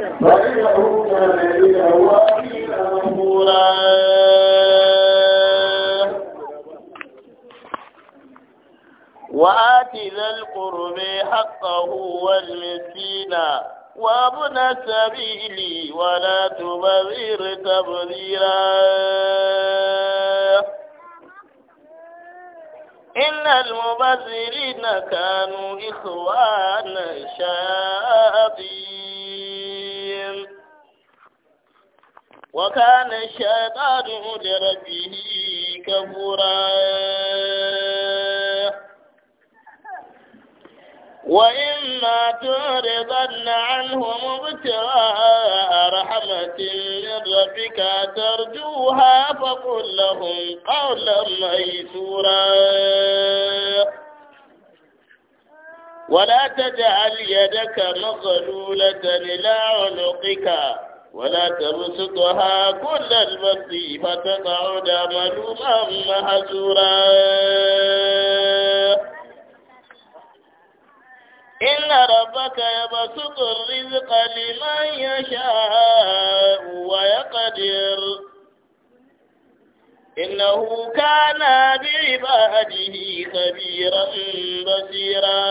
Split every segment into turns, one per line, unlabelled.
وآتي ذا القرب حقه والمسكين وابن السبيل ولا تبذر تبذيرا إن المبذرين كانوا إخوان الشياطين وكان الشيطان لربه كفورا وإما تعرضن عنهم ابتغاء رحمة من ربك ترجوها فقل لهم قولا ميسورا ولا تجعل يدك مغلولة إلى عنقك ولا تبسطها كل البسط فتقعد ملوما محسورا إن ربك يبسط الرزق لمن يشاء ويقدر إنه كان بعباده خبيرا بصيرا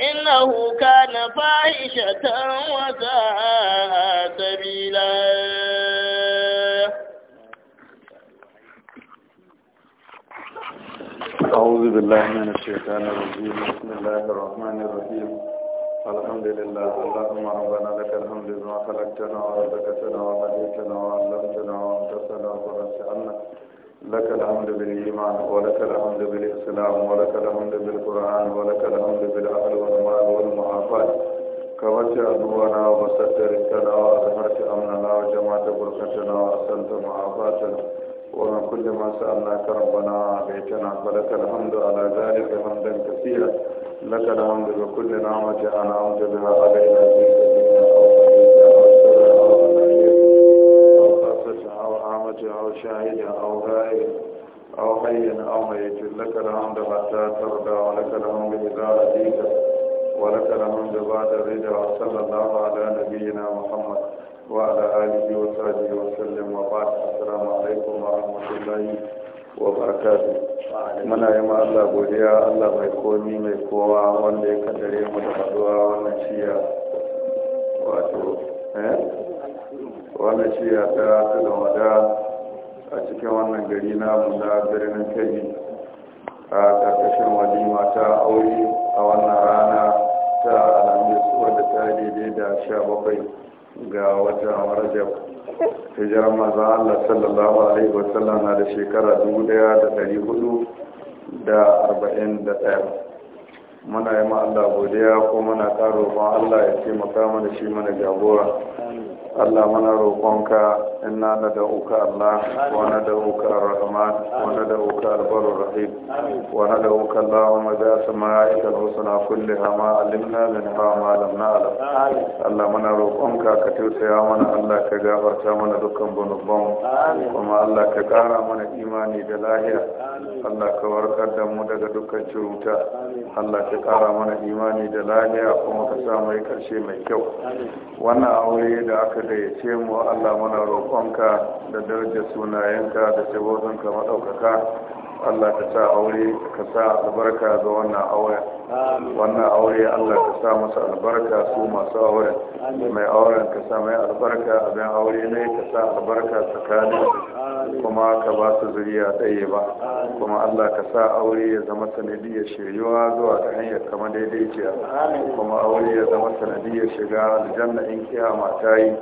إنه كان فاحشة وساء سبيلا
أعوذ بالله من الشيطان الرجيم
بسم الله الرحمن الرحيم الحمد لله اللهم ربنا لك الحمد بما خلقتنا ورزقتنا وهديتنا وعلمتنا وانت وانتصرنا ورسلنا لك الحمد بالإيمان ولك الحمد بالإسلام ولك الحمد بالقرآن ولك الحمد بالأهل والمال والمعافات كبرت عدونا وبسطت رزقنا وأظهرت أمننا وجمعت بركتنا وأحسنت معافاتنا ومن كل ما سألناك ربنا وأعطيتنا فلك الحمد على ذلك حمدا كثيرا لك الحمد بكل نعمة أنعمت بها علينا في سبيلنا أو قريبا أو سرا أو قريبا أو خاصة أو عامة أو شاهدا أو حي أو ميت لك الحمد حتى ترضى ولك الحمد إذا رضيت ولك الحمد بعد الرضا صلى الله على نبينا محمد وعلى آله وصحبه وسلم وبعد السلام عليكم ورحمة الله وbarakatu muna yi ma Allah godiya Allah mai komi mai kowa wanda ya kaddare mu da haduwa wannan shiya wato eh wannan shiya ta tudun wada a cikin wannan gari na na birnin kebbi a karkashin walima ta aure a wannan rana ta alhamis wadda ta daidai da sha bakwai ga watan rajab hijirar maza allah sallallahu alaihi wasallam na da shekara dubu daya da dari hudu da arba'in da daya muna yi ma allah godiya ko muna karo allah ya taimaka mana shi mana jagora allah mana roƙonka إنا ندعوك الله وندعوك الرحمن وندعوك البر الرحيم وندعوك اللهم ذات مائك الحسنى كلها ما علمنا منها ما لم نعلم الله من روقك كتوت يا من الله كجابر من دكان بنبوم وما الله كقارا من إيماني دلاهية الله كوركر دم daga dukkan ciruta Allah ka kara mana imani da lahiya kuma ka sa mai karshe mai kyau wannan aure da aka gayyace mu Allah muna roƙon roƙonka da daraja sunayenka da tabbozonka maɗaukaka Allah ka sa aure ka sa albarka ga wannan aure wannan aure Allah ka sa masa albarka su masu auren mai auren ka sa mai albarka abin aure ne ka sa albarka tsakanin kuma ka ba su zuriya ɗaya ba kuma Allah ka sa aure ya zama sanadiyar shiryuwa zuwa ta hanyar kama daidaiciya kuma aure ya zama sanadiyar shiga aljanna in kiyama ta yi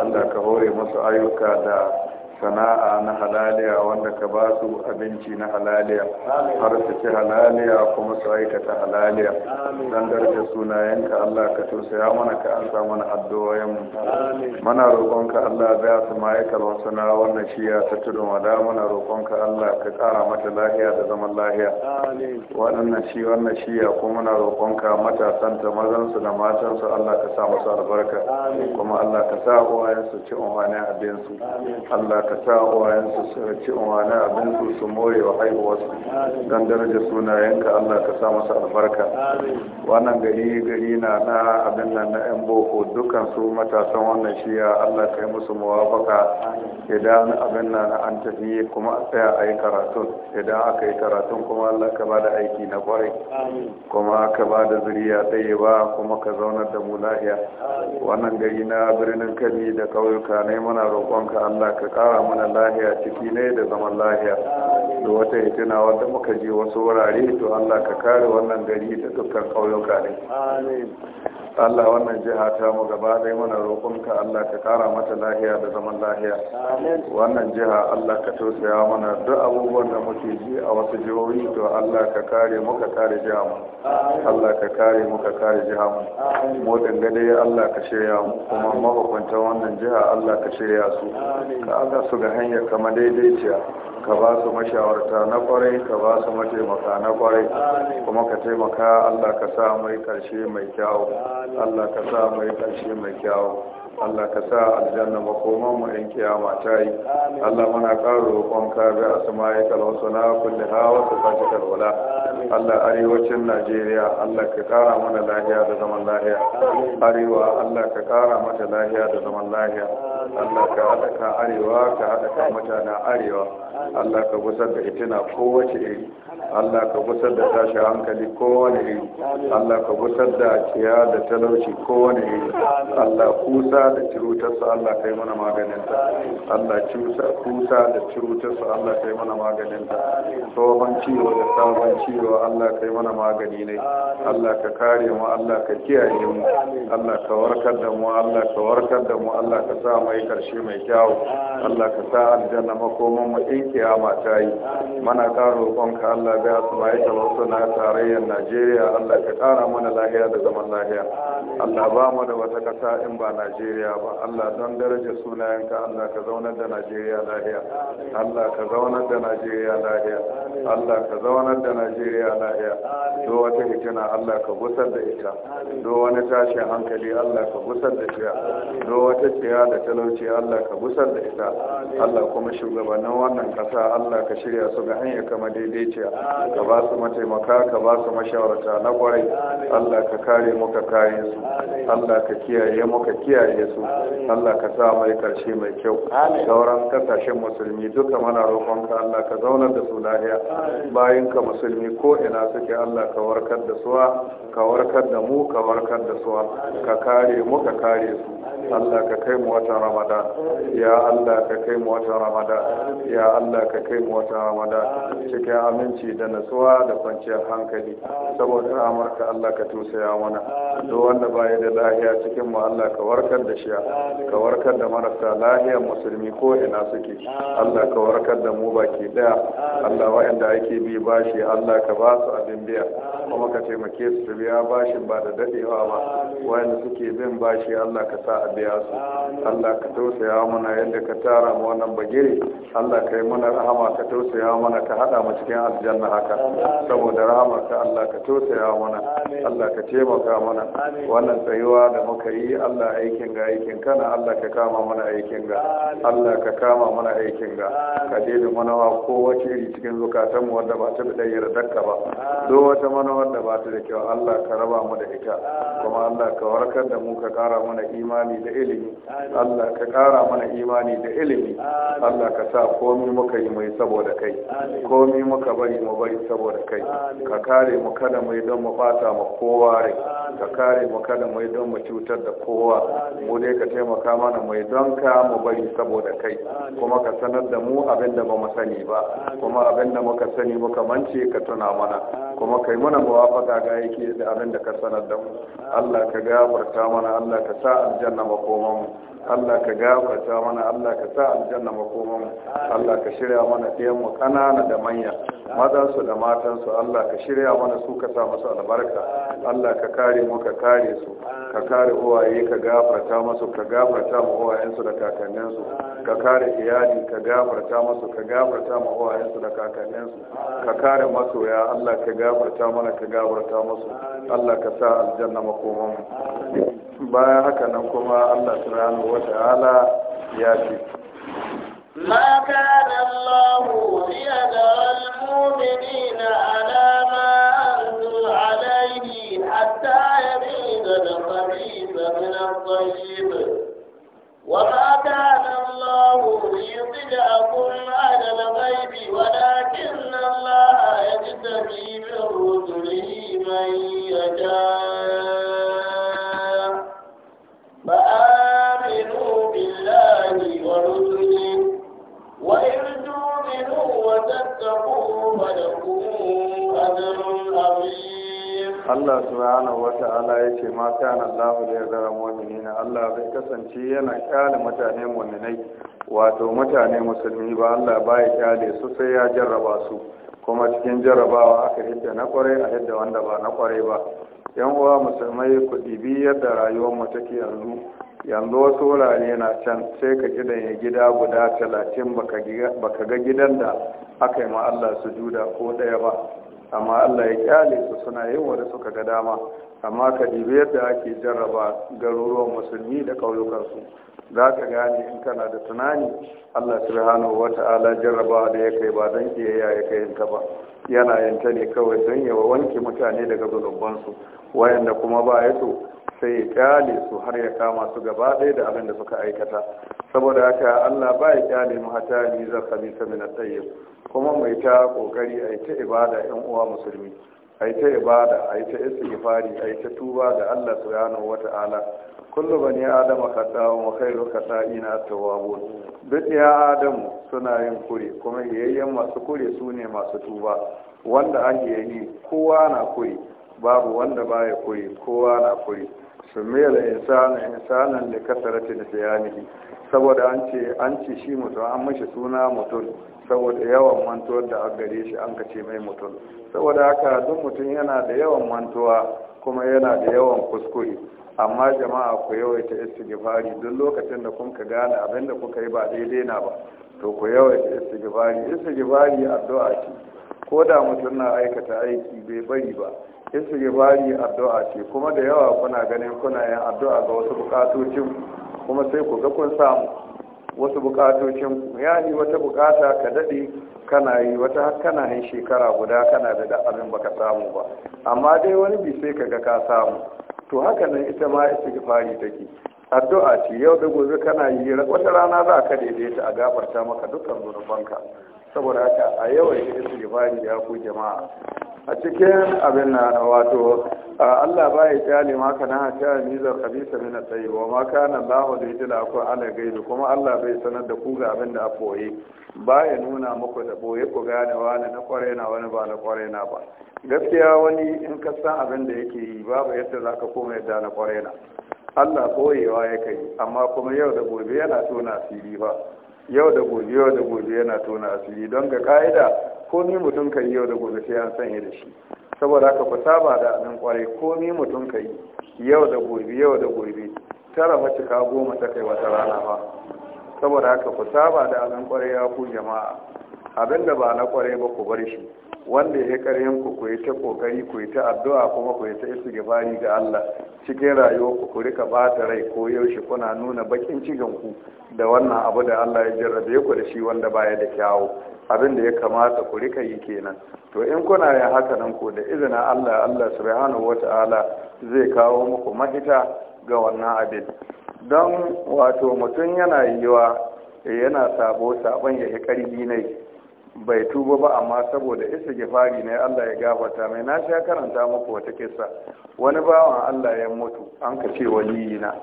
Allah ka hore masu ayyuka da sana'a na halaliya wanda ka ba su abinci na halaliya har su ci halaliya kuma su aikata halaliya dan darje sunayenka Allah ka tausaya mana ka ansa mana addu'o'in mu mana roƙonka Allah za su ma'aikal wasana wannan shiya ta tudun wada mana roƙonka Allah ka ƙara mata lahiya da zaman lahiya waɗannan shi wannan shiya kuma muna roƙonka matasan ta mazan su da matan su Allah ka sa musu albarka kuma Allah ka sa uwayen su ci umarnin abin su Allah ka sa wayansu su ci wani abin su su more wa haihuwarsu don daraja sunayenka Allah ka sa masa albarka wannan gari gari na na abin nan na yan boko dukansu su matasan wannan shiya Allah ka yi musu muwafaka idan abin nan an tafi kuma a tsaya a yi karatun idan aka yi karatun kuma Allah ka ba aiki na kwarai kuma ka ba da zuriya ɗaya ba kuma ka zaunar da mu lahiya wannan gari na birnin kani da kauyuka ne muna roƙonka Allah ka ƙara kara mana lahiya ciki ne da zaman lahiya da wata hitina wanda muka ji wasu wurare to Allah ka kare wannan gari da dukkan ƙauyuka ne Allah wannan jiha ta mu gaba dai mana roƙonka Allah ka kara mata lahiya da zaman lahiya wannan jiha Allah ka tausaya mana duk abubuwan da muke ji a wasu jihohi to Allah ka kare mu ka kare jiha mu Allah ka kare mu ka kare jiha mu mu dangane Allah ka shirya mu kuma mahukuntan wannan jiha Allah ka shirya su ka Allah su ga hanyar kama daidaiciya ka ba su mashawarta na kwarai ka ba su mataimaka na kwarai kuma ka taimaka Allah ka sa mai karshe mai kyawu Allah ka sa mai karshe mai kyawu Allah ka sa aljanna makoman mu in kiyama ta yi Allah muna ƙara roƙon ka bi na kulle kulliha wa sifatikal ula Allah arewacin Najeriya Allah ka kara mana lahiya da zaman lahiya arewa Allah ka kara mata lahiya da zaman lahiya Allah ka haɗa ka arewa ka haɗa ka mutanen arewa Allah ka gusar da itina kowace iri Allah ka gusar da tashi hankali kowane iri Allah ka gusar da ciya da talauci kowane iri Allah kusa da su Allah kai mana ta Allah kusa da su Allah kai mana ta tsohon ciwo da sabon ciwo ba Allah kai mana magani ne Allah ka kare mu Allah ka kiyaye mu Allah ka warkar da mu Allah ka warkar da mu Allah ka sa mai karshe mai kyau Allah ka sa aljanna makoman mu in kiyama ta yi mana karo roƙon Allah ga Su ta wasu na tarayyar Najeriya Allah ka kara mana lahiya da zaman lahiya Allah ba mu da wata kasa in ba Najeriya ba Allah don daraja sunayenka Allah ka zaunar da Najeriya lahiya Allah ka zaunar da Najeriya lahiya Allah ka zaunar da Najeriya lahiya lahiya do wata hitina Allah ka gusar da ita do wani tashin hankali Allah ka gusar da ita do wata tsiya da talauci Allah ka gusar da ita Allah kuma shugabannin wannan kasa Allah ka shirya su ga hanya kama daidaiciya ka ba su mataimaka ka ba su mashawarta na kwarai Allah ka kare mu ka kare su Allah ka kiyaye mu ka kiyaye su Allah ka sa mai karshe mai kyau sauran kasashen musulmi duka mana roƙonka Allah ka zaunar da su lahiya bayan ka musulmi ko ko ina suke Allah ka warkar da suwa ka warkar da mu ka warkar da suwa ka kare mu ka kare su Allah ka kai mu watan Ramadan ya Allah ka kai mu watan Ramadan ya Allah ka kai mu watan Ramadan cikin aminci da nasuwa da kwanciyar hankali saboda amurka Allah ka tusaya mana duk wanda ya da lahiya cikin mu Allah ka warkar da shi ka warkar da marasa lahiyar musulmi ko ina suke Allah ka warkar da mu baki daya Allah wa'anda ake bi bashi Allah ka ba ba su abin biya kuma ka taimake su ta biya bashin ba da dadewa ba wayanda suke bin bashi Allah ka sa a biya su Allah ka tausaya mana yadda ka tara mu wannan bagire Allah ka yi mana rahama ka tausaya mana ka hada mu cikin aljanna haka saboda rahama ka Allah ka tausaya mana Allah ka taimaka mana wannan tsayuwa da muka yi Allah aikin ga aikin kana Allah ka kama mana aikin ga Allah ka kama mana aikin ga ka da mana wa kowace iri cikin mu wanda ba ta da yardarka ba duk wata mana wanda ba ta da kyau Allah ka raba mu da ita kuma Allah Allah ka warkar da mu ka kara mana imani da ilimi Allah ka kara mana imani da ilimi Allah ka sa komi muka yi mai saboda kai komi muka bari mu bari saboda kai ka kare mu kada mu don mu bata ma kowa rai ka kare mu kada mu don mu cutar da kowa mu dai ka taimaka mana mai don ka mu bari saboda kai kuma ka sanar da mu abin da ba mu sani ba kuma abin da muka sani muka mance ka tuna mana kuma kai mana muwafaka ga yake da abin da ka sanar da mu Allah ka ka gafarta mana Allah ka sa aljanna makoman mu Allah ka gafarta mana Allah ka sa aljanna makoman mu Allah ka shirya mana ɗayan mu ƙanana da manya matansu da matansu Allah ka shirya mana su ka sa masu albarka Allah ka kare mu ka kare su ka kare uwaye ka gafarta masu ka gafarta mu uwayensu da kakanninsu ka kare iyali ka gafarta masu ka gafarta mu uwayensu da kakanninsu ka kare masoya Allah ka gafarta mana ka gafarta masu Allah ka sa aljanna makoman mu bayan haka kuma Allah subhanahu wa ta'ala ya ce
ما كان الله ليدع المؤمنين على ما أنزل عليه حتى يبيد الخبيث من الطيب وما كان الله ليطلعكم على الغيب ولكن الله يجتبي
kasance yana kyale mutane mu'minai wato mutane musulmi ba Allah baya kyale su sai ya jarraba su kuma cikin jarrabawa aka hidda na kware a hidda wanda ba na kware ba yan uwa musulmai ku dibi yadda rayuwar mu take yanzu yanzu wasu wurare na can sai ka gidan ya gida guda talatin baka ga gidan da aka yi ma Allah su juda ko ɗaya ba amma Allah ya kyale su suna yin wani suka ga dama amma ka dibi yadda ake jarraba garuruwan musulmi da ƙauyukansu za ka gane in kana da tunani allah subhanahu wata ta'ala jarraba da ya kai ba don kiyaya ya kai ta ba yana yanta ne kawai don ya wanke mutane daga zulubansu wayanda kuma ba ya so sai ya kyale su har ya kama su gaba ɗaya da abin da suka aikata saboda haka allah ba ya kyale mu hata ni zar min kuma mai ta kokari a ita ibada yan uwa musulmi ai ta ibada ai ta istighfari ai ta tuba ga Allah subhanahu wata'ala kullu bani adam khataa'un wa khairu khataa'ina ina tawwabun duk ya adam suna yin kuri kuma yayyan masu kure sune masu tuba wanda ake yi kowa na kure babu wanda baya kure kowa na kure sumiyar insana insanan da kasarati da sayanihi saboda an ce an ce shi mutum an mashi suna mutum saboda yawan mantuwar da aka gare shi an kace mai mutum saboda haka duk mutum yana da yawan mantuwa kuma yana da yawan kuskure amma jama'a ku yawaita istighfari duk lokacin da kun ka gane abin da kuka yi ba daidai na ba to ku yawaita istighfari istighfari addu'a ce ko da mutum na aikata aiki bai bari ba istighfari addu'a ce kuma da yawa kuna ganin kuna yin addu'a ga wasu bukatocin kuma sai ku ga kun samu wasu bukatocin ya yi wata bukata ka daɗe kana yi wata kana shekara guda kana da da abin baka samu ba amma dai wani bi sai kaga ka samu to haka nan ita ma istighfari take addu'a ce yau da gobe kana yi wata rana za ka daidaita a gafarta maka dukkan ka? saboda haka a yawan istighfari ya ku jama'a a cikin abin na wato Allah ba ya kyale maka na hajjar nizar kabisa min tsayi wa ma kana Allah da yadda ku ala gaibi kuma Allah bai sanar da ku ga abin da a boye ba ya nuna muku da boye ku gane wani na kware na wani ba na kware na ba gaskiya wani in ka san abin da yake yi babu yadda zaka koma yadda na kware na Allah koyewa ya kai amma kuma yau da gobe yana tona asiri ba yau da gobe yau da gobe yana tona asiri don ga ka'ida ko ni mutum kan yau da gobe sai an sanya da shi saboda haka ku saba da abin kwarai komi mutum ka yi yau da gobe yau da gobe tara ka goma ta kai wata rana ba saboda haka ku saba da abin kwarai ya ku jama'a abin da ba na kware ba ku bar shi wanda ya karyan ku ku yi ta kokari ku yi ta addu'a kuma ku yi ta istighfari ga Allah cikin rayuwar ku ku rika bata rai ko yaushe kuna nuna bakin cikin ku da wannan abu da Allah ya jarrabe ku da shi wanda baya da kyawu abin da ya kamata ku rika yi kenan to in kuna yin haka nan ko da izinin Allah Allah subhanahu wata'ala zai kawo muku mahita ga wannan abin don wato mutum yana yiwa eh, yana sabo sabon ya yi ƙarfi ne bai tuba ba amma saboda isa gifari ne Allah ya gafarta mai na sha karanta muku wata kisa wani bawan Allah ya mutu an ka ce waliyina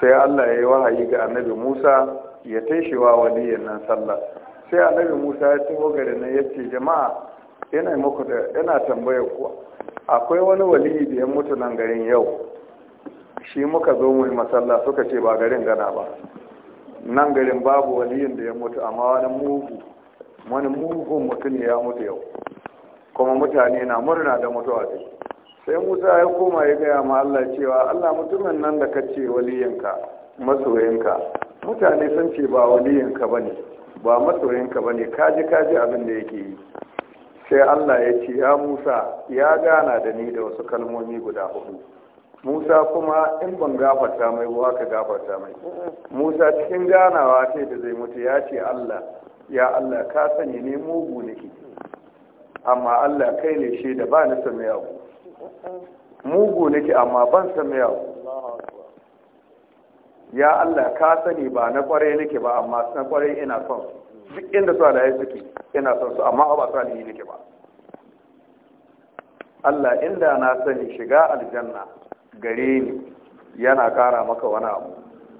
sai Allah ya yi wahayi ga annabi Musa ya taishewa waliyin nan sallah sai annabi Musa ya taho gare nan ya ce jama'a yana muku da yana tambayar ku akwai wani waliyi da ya mutu nan garin yau shi muka zo mu yi masallah suka ce ba garin gana ba nan garin babu waliyin da ya mutu amma wani mugu wani mugun mutum ya mutu yau kuma mutane na murna da mutuwa dai sai musa ya koma ya gaya ma allah cewa allah mutumin nan da ka ce waliyinka masoyinka mutane sun ce ba waliyinka ba ne ba masoyinka ba ne kaji kaji abin da yake yi sai allah ya ce ya musa ya gana da ni da wasu kalmomi guda hudu musa kuma in ban gafarta mai ka gafarta mai musa cikin ganawa ce da zai mutu ya ce allah ya Allah ka sani ne mugu nake amma Allah kai ne shi da ba na sami yawo mugu nake amma ban sami yawo ya Allah ka sani ba na kware nake ba amma na kware ina son su duk inda su alaye suke ina son su amma ba su ni nake ba Allah inda na sani shiga aljanna gare ni yana kara maka wani abu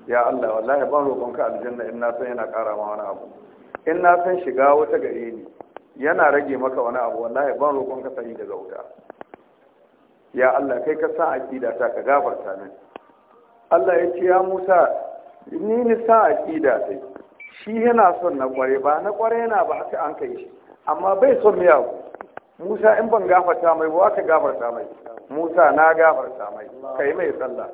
ya Allah wallahi ban roƙonka aljanna in na san yana kara ma wani abu in na san shiga wata gare ni yana rage maka wani abu wallahi ban roƙon ka sani daga wuta ya Allah kai ka sa aqida ta ka gafarta min Allah ya ce ya Musa ni ni sa aqida sai shi yana son na kware ba na kware yana ba haka an kai shi amma bai son miya Musa in ban gafarta mai ba ka gafarta mai Musa na gafarta mai kai mai sallah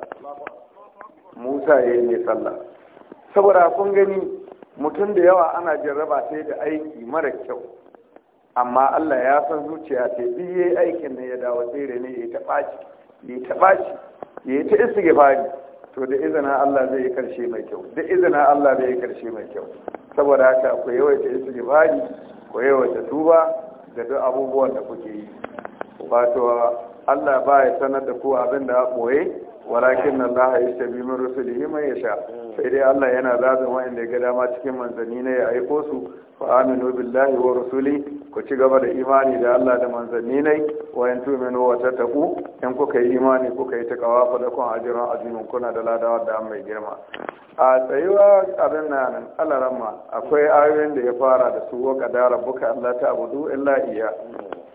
Musa ya yi
mai sallah saboda kun gani mutum da yawa ana jarraba sai da aiki mara kyau amma Allah ya san zuciya ta biye aikin ne ya dawo tsere ne ya ta ɓaci ya ta ɓaci ya ta fari, to da izina Allah zai yi karshe mai kyau da izina Allah zai yi karshe mai kyau saboda haka ku yawaita fari, ku ta tuba da duk abubuwan da kuke yi wato Allah ba ya sanar da ku abin da ya ɓoye walakin nan za ya tabi min rusulihi ya sha sai dai Allah yana zaɓin wa'anda ya ga dama cikin manzanni na ya aiko su fa aminu billahi wa rusuli ku ci gaba da imani da Allah da manzanni nai wa in tuminu wa in kuka yi imani kuka yi takawa fa lakum ajrun azimun kuna da ladawa da mai girma a tsayuwa abin nan alarama akwai ayoyin da ya fara da su wa qadara buka Allah ta abudu illa iya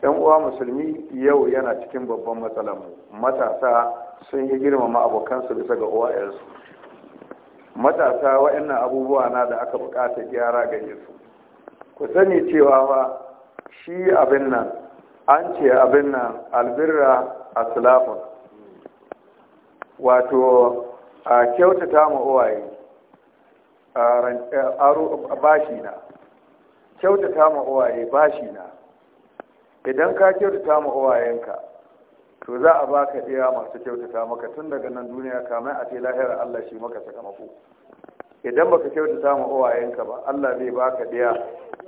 yan uwa musulmi yau yana cikin babban matsalar mu matasa sun yi girmama abokansu bisa ga uwayensu matasa waɗannan abubuwa na da aka bukata gyara gare su ku sani cewa ba shi abin nan an ce abin nan albirra a sulafin wato a kyautata ma'uwaye a bashi na kyautata ma bashi na idan ka kyautata ma uwayenka to za a baka iya masu kyautata maka tun daga nan duniya kamar a ce lahira Allah shi maka sakamako idan baka kyautata ma uwayenka ba Allah zai baka biya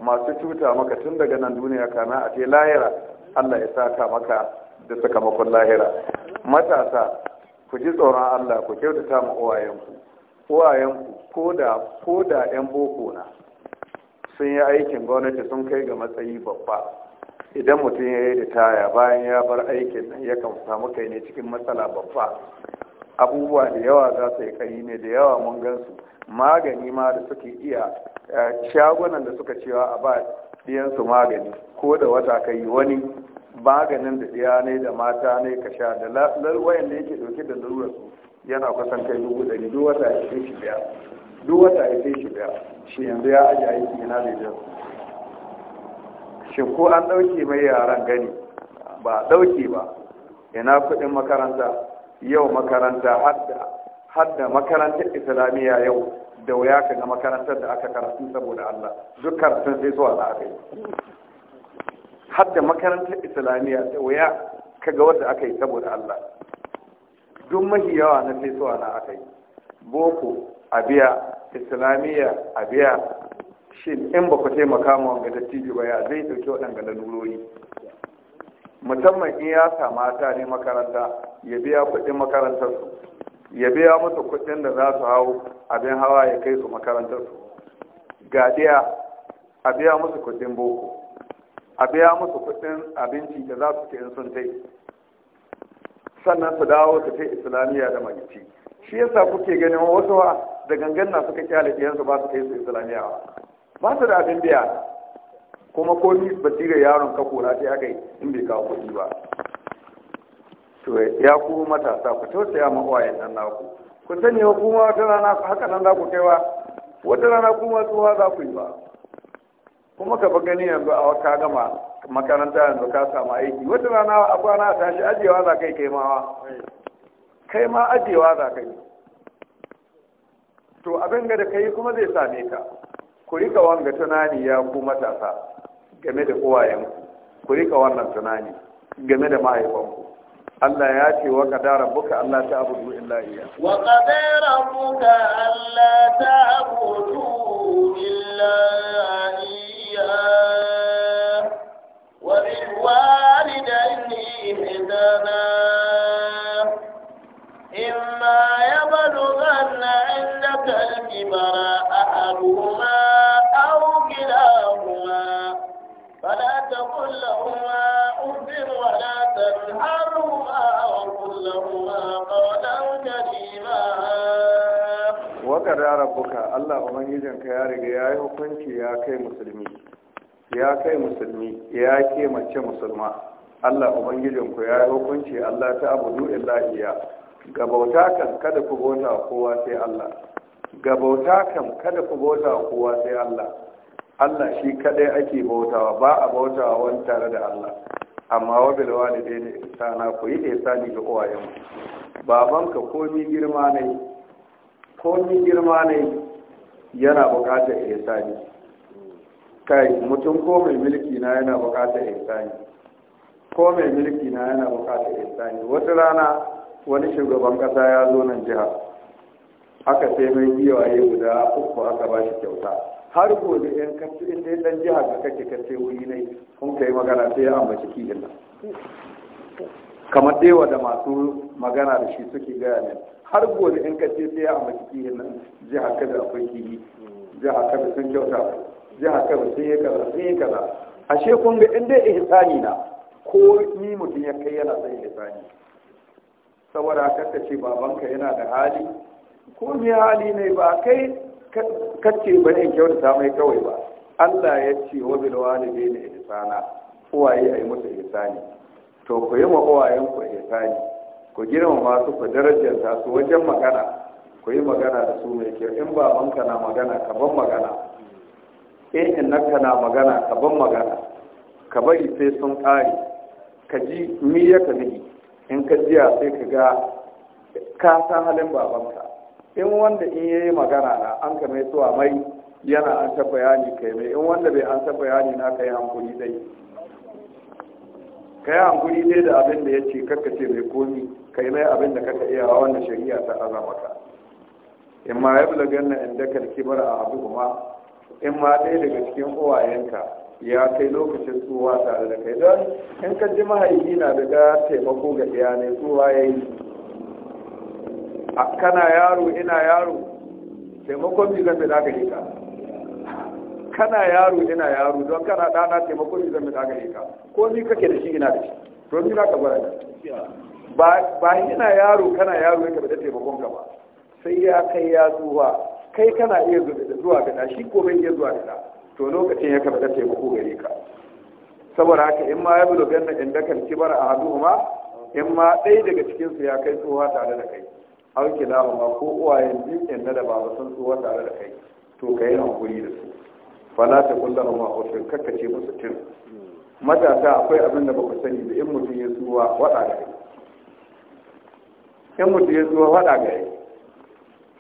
masu cuta maka tun daga nan duniya kana a ce lahira Allah ya saka maka da sakamakon lahira matasa ku ji tsoron Allah ku kyautata ma uwayenku uwayenku ko da ko da yan boko na sun yi aikin gwamnati sun kai ga matsayi babba idan mutum ya yi ritaya bayan ya bar aikin nan yakan samu kai ne cikin matsala babba abubuwa da yawa za su yi kai ne da yawa mun gansu magani ma da suke iya eh, shagunan da suka cewa a ba ɗiyansu magani ko da wata ka yi wani maganin da ɗiya ne da mata ne ka sha da lalwayan da yake ɗauke da lalwar su yana kusan kai dubu da duk wata ya fi shi biya duk wata ya fi shi biya shi yanzu ya ajiye aiki yana da jan shin ko an ɗauke mai yaran gani ba a ɗauke ba ina kuɗin makaranta yau makaranta har da makarantar islamiyya yau da wuya ka ga makarantar da aka karatu saboda Allah duk karatun sai zuwa na aka yi har da makarantar islamiyya da wuya ka ga wadda aka yi saboda Allah duk mahi yawa na sai zuwa na aka yi boko a biya islamiyya a biya shin in ba ku taimaka ma wanga dattijo ba ya zai ɗauki waɗanga lalurori musamman in ya sa ta ne makaranta ya biya kuɗin makarantarsu ya biya musu kuɗin da za su hau abin hawa ya kai su makarantarsu gadiya a biya musu kuɗin boko a biya musu kuɗin abinci da za su ke in sun tai sannan su dawo su kai islamiyya da magici shi yasa kuke ganin wasu da gangan na suka kyale ɗiyansu ba su kai su islamiyya ba su da abin biya kuma ko ni basira yaron ka kora sai aka yi in bai kawo kuɗi ba to ya ku matasa ku tausaya ma uwayen nan naku ku sani wa kuma wata rana haka nan za ku kaiwa wata rana kuma tsuwa za ku yi ba kuma ka ba gani yanzu a ka gama makaranta yanzu ka samu aiki wata rana a kwana tashi ajewa za kai kai mawa kai ma ajewa za kai to abin ga da kai kuma zai same ka ku rika wanga tunani ya ku matasa game da uwayenku ku rika wannan tunani game da mahaifanku Allah ya ce wa kadara buka Allah ta abudu illa iya wa
kadara buka Allah ta abudu illa iya wa bil walidayni hidana imma yablughanna indaka al-kibara ahaduhuma تقل لهما أف ولا تنهرهما وقل لهما قولا كريما
وقضى ربك الله ya riga ya yi hukunci ya kai musulmi ya kai musulmi ya ke mace musulma Allah ku ya yi hukunci Allah ta abudu illa iya ga bauta kan kada ku bota kowa sai kowa sai Allah Allah shi kadai ake bautawa ba a bautawa wani tare da Allah amma wani dai ne ihsana ku yi ihsani ga uwayen babanka komi girma ne komi girma ne yana bukatar ihsani kai mutum ko mai mulki na yana bukatar ihsani ko mai mulki na yana bukatar ihsani wata rana wani shugaban kasa ya zo nan jiha aka sai mai biyawaye guda uku aka ba shi kyauta har gobe in ka ci inda dan jiha ka kake ka ce wuri ne kun kai magana sai ya ambaci ki nan kamar dewa da masu magana da shi suke gaya ne har gobe in ka ce sai ya ambaci kiyin nan jiha kada akwai kiyi jiha kada sun kyauta jiha kada sun yi kaza sun yi kaza ashe kun ga in dai ihsani na ko ni mutum ya kai yana son ihsani saboda haka ce babanka yana da hali ko ni hali ne ba kai kace ba in kyautata mai kawai ba Allah ya ce wa bil walidaini ihsana uwaye ai musu ihsani to ku yi ma uwayen ku ihsani ku girmama su ku darajarta su wajen magana ku yi magana da su mai kyau in babanka na magana ka ban magana in innaka na magana ka ban magana ka bari sai sun kare ka ji mi ka in ka jiya sai ka ga ka san halin babanka in wanda in yayi magana na an ka mai suwa mai yana an ta bayani kai mai in wanda bai an ta bayani na kai hankuri dai kai hankuri dai da abin da yace kakka ce mai komi kai mai abin da kaka iya wannan shari'a ta ka in ma inda yablaghanna bara a abu kuma? in ma ɗaya daga cikin uwayenka ya kai lokacin tsuwa tare da kai don in ka ji mahaifi na daga taimako ga iyane tsuwa ya yi kana yaro ina yaro taimakon mi zan da gare ka kana yaro ina yaro don kana dana taimakon mi zan da gare ka ko ni kake da shi ina da shi to ni zaka gwara ba ba ina yaro kana yaro yake da taimakon ka ba sai ya kai ya zuwa kai kana iya zuwa gada shi ko bai iya zuwa gada to lokacin ya da taimako gare ka saboda haka in ma ya bi da ganna inda kan kibar a hadu ma in ma ɗaya daga cikinsu ya kai tsohuwa tare da kai auki ma ko uwaye biyu na da baba sun tsuwa tare da kai to ka yi hankuri da su fala ta kulla a ofin kakkace musu tun. matasa akwai abin da baku sani da in mutum ya tsuwa waɗa ga in mutum ya tsuwa waɗa ga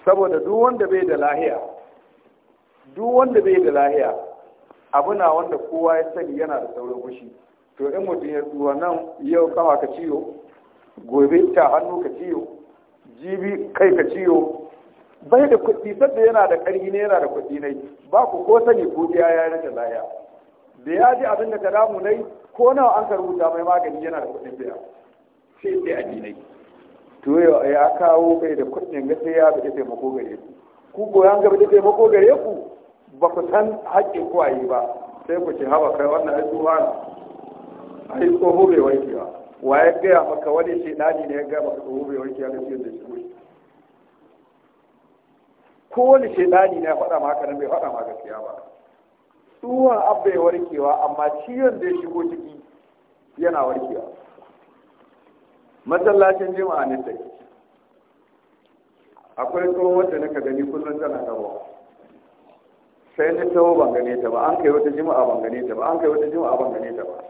saboda duk wanda bai da lahiya duk wanda bai da lahiya abu na wanda kowa ya sani yana da saurin fushi to in mutum ya tsuwa nan yau kawa ka ciyo gobe ta hannu ka ciyo jibi kai ka ciyo bai da kuɗi sadda yana da ƙarfi ne yana da kuɗi ne ba ku ko sani ko biya ya rage laya da ya ji abin da ka damu nai ko nawa an ka mai magani yana da kuɗin biya sai sai addinai to ya kawo bai da kuɗin ga sai ya bi taimako gare ku ku ko ya ga bi taimako gare ku ba ku san haƙƙin ku ayi ba sai ku ce haba kai wannan ai tsohuwa ai tsohuwa bai wai ba wa ya gaya maka wani shaidani ne ya gaya maka tsohu bai warke ya gaske da shi ko wani shaidani ne ya faɗa maka nan bai faɗa maka gaskiya ba tsuwan abu ya warkewa amma ciyar da ya shigo ciki yana warkewa masallacin jima'a ne sai akwai tsohon wanda naka gani kullum tana gaba sai na taho ban gane ta ba an kai wata jima'a ban gane ta ba an kai wata jima'a ban gane ta ba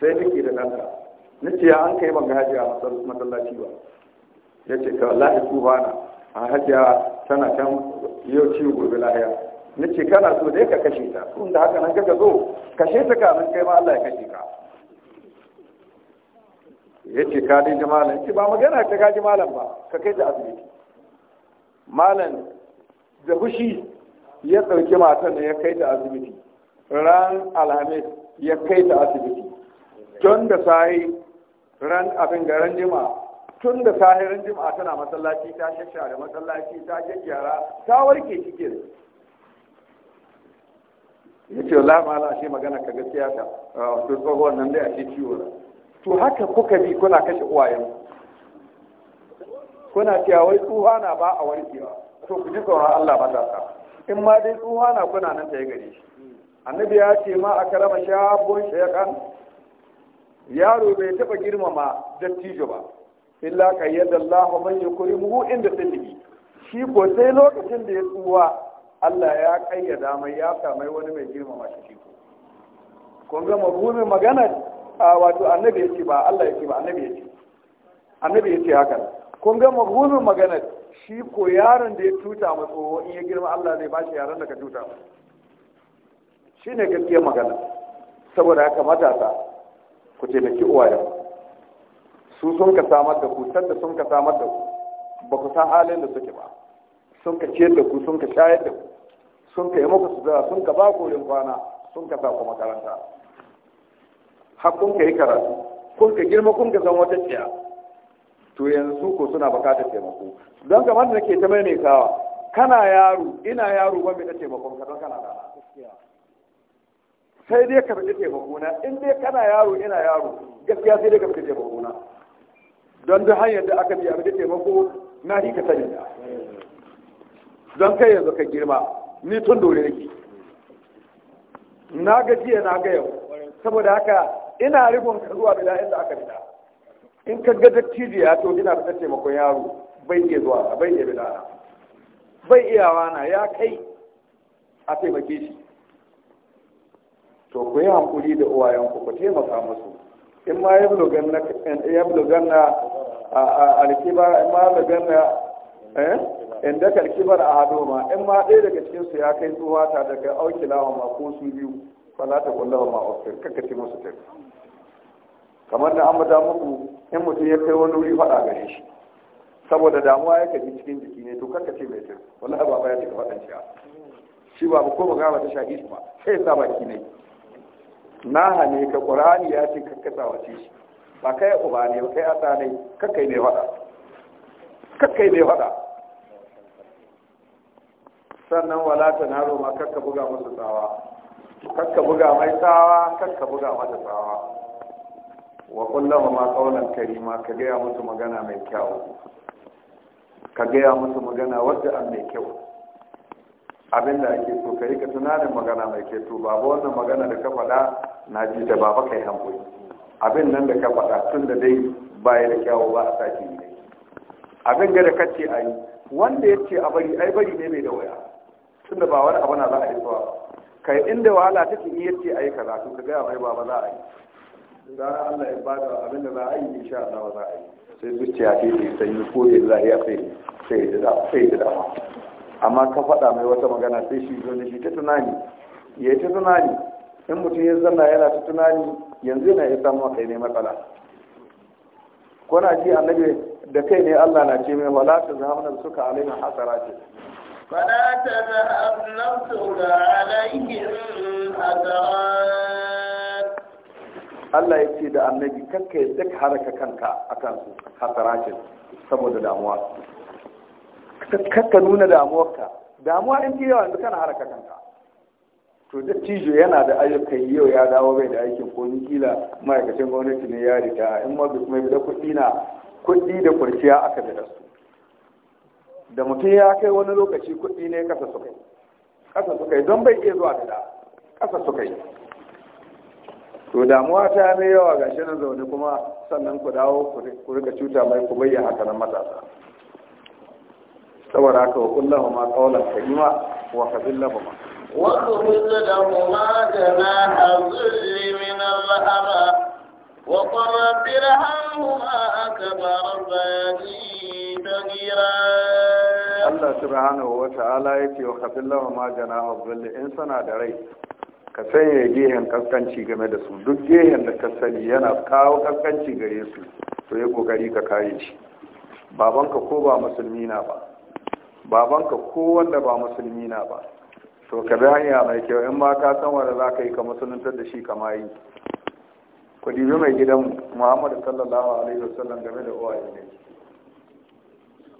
sai nake da ɗanka nace ya an kai ban ga hajiya matsalaci ba yace ka wallahi ku bana a hajiya tana can yau ci gobe lahiya nace kana so dai ka kashe ta tun da haka nan kaga zo kashe ta kamin kai ma Allah ya kashe ka yace ka dai ji malam yace ba magana ta ka ji malam ba ka kai da asibiti malam da fushi ya ɗauki matan ya kai ta asibiti ran alhamis ya kai ta asibiti tun da sai ran abin da ran jima tun da sahirin jima'a tana masallaci ta shashare masallaci ta gyaggyara ta warke cikin ya ce la ma shi magana ka gaskiya ta ah, to tsohuwar nan dai a shi ciwo na to haka kuka bi kuna kashe uwayen kuna cewa wai tsuha na ba a warkewa to ku ji tsoron Allah sa. in ma dai tsuha na kuna nan ta yi gare shi annabi ya ce ma a karama shabon shayakan yaro bai taba girmama dattijo ba illa yadda Allah man yukrimuhu inda sallibi shi ko sai lokacin da ya tsuwa Allah ya kayyada mai ya samai wani mai girmama shi shi kun ga mabumin magana a wato annabi yake ba Allah yake ba annabi yake annabi yake haka kun ga mabumin magana shi ko yaron da ya tuta ma tsoho in ya girma Allah zai bashi yaron da ka tuta Shi shine gaskiyar magana saboda haka matasa ku taimaki uwayen su sun ka samar da ku sanda sun ka samar da ku ba ku san halin da suke ba sun ka ciyar da ku sun ka shayar da ku sun ka yi muku sutura sun ka ba ku yin kwana sun ka sa ku makaranta har kun ka yi karatu kun ka girma kun ka zama wata ciya to yanzu ko suna bukatar taimako don kamar da nake ta maimaitawa kana yaro ina yaro ba mai da taimakon ka don kana da sai dai ka fi taimako na in dai kana yaro ina yaro gaskiya sai dai ka fi taimako na don duk hanyar da aka biya a fi taimako na shi ka sani don kai yanzu ka girma ni tun dore nake na ga jiya na ga saboda haka ina rigon ka zuwa bila inda aka bida in ka ga dattijiya to ina fita taimakon yaro bai iya zuwa bai iya bida bai iyawa na ya kai a taimake shi to ku yi hankuli da uwayenku ku taimaka musu in ma ya blogan na ya blogan na alkiba in ma blogan na eh inda kalkibar a hado ma in ma ɗaya daga cikin su ya kai tsuwa ta daga aukilawa ma ko su biyu fala ta kullawa ma ofir kaka ci musu tafi kamar da an bada muku in mutum ya kai wani wuri faɗa gare shi saboda damuwa ya kaji cikin jiki ne to kaka ce mai wallahi ba ba ya ci gaba ciya shi ba ko magana ta shaƙi ba sai ya sa baki ne na hane ka ƙur'ani ya ce kakkasa wa wace shi ba kai uba ne ba kai asa ne kakkai mai faɗa kakkai mai faɗa sannan wala ta na roma kakka buga masa tsawa kakka buga mai tsawa kakka buga mata tsawa wa kullama ma kaulan karima ka gaya musu magana mai kyau ka gaya musu magana wadda an mai kyau abin da ake so ka yi ka tunanin magana mai keto ba ba wannan magana da ka faɗa na ji da baba kai hankali abin nan da ka faɗa tun da dai baya da kyawu ba a sake yi abin ga da kace a yi wanda ya ce a bari ai bari ne mai da waya tun da ba wani abu na za a yi tsawa kai inda wahala take in yace a yi kaza to ka ga mai baba za a yi da Allah ya bada abin da za a yi insha Allah za a yi sai zuciya ce ta sai ko ya za a yi sai sai da sai da amma ka faɗa mai wata magana sai shi zo da shi ta tunani ya ta tunani in mutum ya zanna yana ta tunani yanzu yana iya samun kai ne matsala kuna ji annabi da kai ne Allah na ce mai wala ta zahamna suka alaina ce
fala ta zahamna suka alaihim hasara.
Allah ya ce da annabi kanka ya duk haraka kanka a kan hasara ce saboda damuwa kakka nuna damuwarka damuwa in ji yawa yanzu kana haraka kanka to dattijo yana da ayyukan yau ya dawo bai da aikin ko ni kila ma'aikacin gwamnati ne ya rita in ma mai da kuɗi na kuɗi da kwarciya aka da su da mutum ya kai wani lokaci kuɗi ne kasa su kai kasa su kai don bai iya zuwa da kasa su kai to damuwa ta mai yawa ga shi na zaune kuma sannan ku dawo ku rika cuta mai ku bayyana haka nan matasa saboda haka wa kullahu ma qawlan kalima wa fadillahu ma واخرج لهما جناح الذل
من الرحمة وقل رب ارحمهما كما ربياني
Allah subhanahu wa ta'ala ya ce wa kafin ma jana zulli in sana da rai ka sanya gehen kaskanci game da su duk gehen da ka sani yana kawo kaskanci gare su to ya kokari ka kare shi babanka ko ba musulmi na ba babanka ko wanda ba musulmi na ba to ka bi hanya mai kyau in ma ka san wanda za ka yi ka musuluntar da shi kama yi ku dibi mai gidan muhammadu sallallahu alaihi wasallam game da uwaye ne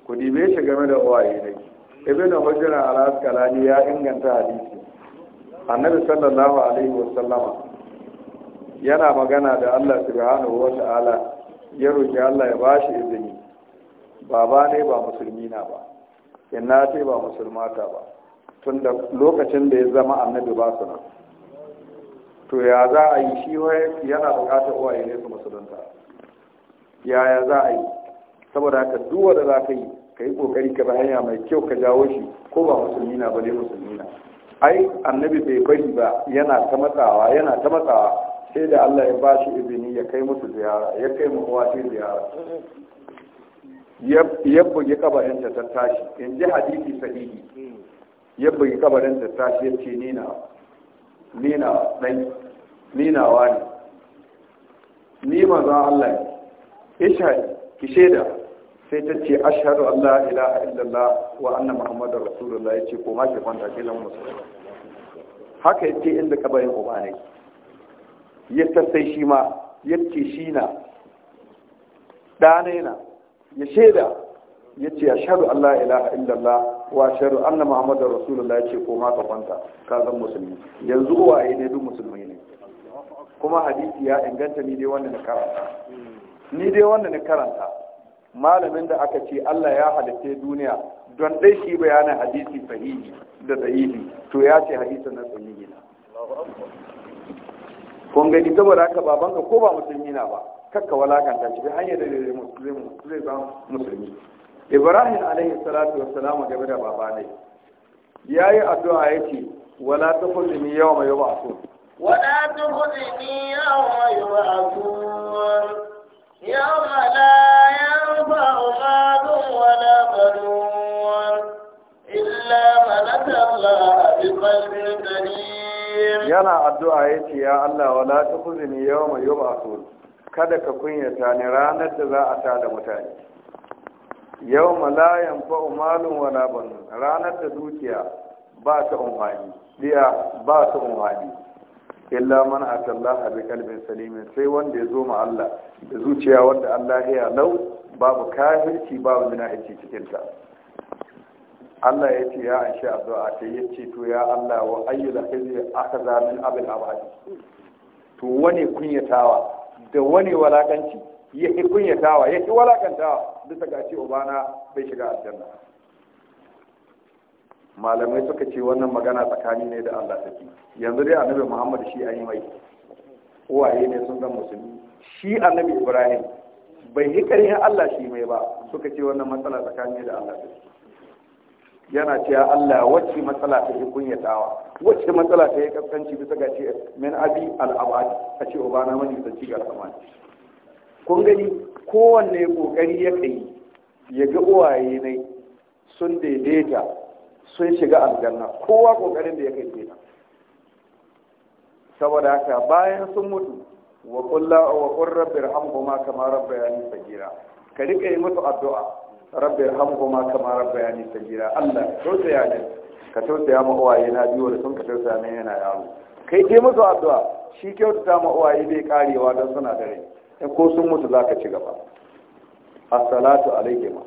ku dibe shi game da uwaye ne ibn hujjar al-asqalani ya inganta hadisi annabi sallallahu alaihi wasallama yana magana da Allah subhanahu ta'ala ya roki Allah ya bashi izini baba ne ba musulmi na ba inna ce ba musulmata ba tun da lokacin da ya zama annabi ba su nan to ya za a yi shi yana bukatar uwaye ne su musulunta yaya za a yi saboda haka duwa da za ka yi ka yi kokari ka bi hanya mai kyau ka jawo shi ko ba musulmi na ba dai musulmi na ai annabi bai bari ba yana ta matsawa yana ta matsawa sai da Allah ya bashi izini ya kai musu ziyara ya kai mu uwa shi ziyara ya bugi kabarin ta ta tashi in ji hadisi sahihi ya bugi kabarin da ta ce ce nina nina dan nina wani ni manzon Allah isha ki sheda sai ta ce ashhadu an la ilaha illallah wa anna muhammadar rasulullah yace ko ma ke kwanta kilan musulmi haka yace inda kabarin uba ne ya sai shi ma yace shi na dane na ya sheda yace ashhadu an la ilaha illallah wa sharu anna da rasulullah ce koma ka kwanta ka zan musulmi yanzu waye ne duk musulmi ne kuma hadisi ya inganta ni dai wanda na karanta ni dai wanda na karanta malamin da aka ce Allah ya halitta duniya don dai shi bayanin hadisi sahihi da sahihi to ya ce hadisi na sahihi na kun saboda haka babanka ko ba musulmi na ba kakka walakanta shi hanyar da zai zama musulmi ibrahim alaihi salatu wassalam game da baba ne yayi addu'a yace wala mai yawma yub'athun
wala tukhzini yawma yub'athun yawma la yanfa'u malun wala banun
illa man atallaha
biqalbin dalim
yana addu'a yace ya Allah wala mai yawma yub'athun kada ka kunyata ni ranar da za a tada mutane yau malayan fa umalun wala ranar da dukiya ba ta umfani diya ba ta umfani illa man atallaha bi kalbin salim sai wanda ya zo ma Allah da zuciya wanda Allah ya lau babu kafirci babu zina'ici cikin ta Allah ya ce ya anshi addu'a ta yace to ya Allah wa ayyul khizi akhadha min abil abadi to wani kunyatawa da wani walakanci ya ki kunyatawa ya ki walakantawa bisa ga ce ubana bai shiga aljanna malamai suka ce wannan magana tsakani ne da Allah take yanzu dai annabi Muhammad shi an yi mai waye ne sun zan musulmi shi annabi Ibrahim bai yi ƙarfin Allah shi mai ba suka ce wannan matsala tsakani da Allah take yana cewa Allah wacce matsala ta yi kunyatawa wacce matsala ta yi kaskanci bisa ga ce min abi al-abad a ce ubana mani sanci ga samani? kun gani kowanne kokari ya kai ya ga uwaye ne sun daidaita sun shiga aljanna kowa kokarin da ya kai kenan saboda haka bayan sun mutu wa kulla wa qur rabbir hamhuma kama rabbayani sagira ka rika yi musu addu'a rabbir hamhuma kama rabbayani sagira Allah ka ya ne ka ya ma uwaye na biyu da sun ka tausaya ne yana yaro kai ke musu addu'a shi kyautata ma uwaye bai karewa don suna da rai ko sun mutu za ka ci gaba assalatu alaihima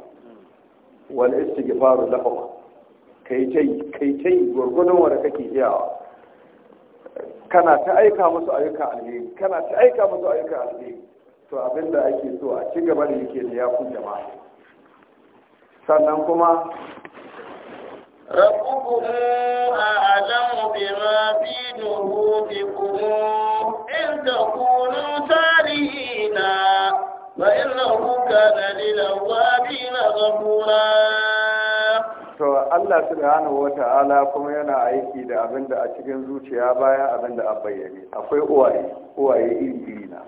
wal istighfaru lahum kai tai kai tai gurgudun wanda kake iyawa kana ta aika musu ayyukan alheri kana ta aika musu ayyukan alheri to abinda ake so a ci gaba da yake da ya jama'a sannan kuma
ربكم أعلم بما في نهوضكم إن تكونوا تعلمون فإنه كان للأوابين غفورا
to Allah subhanahu wata'ala kuma yana aiki da abin da a cikin zuciya bayan abin da a bayyane akwai uwaye uwaye iri iri na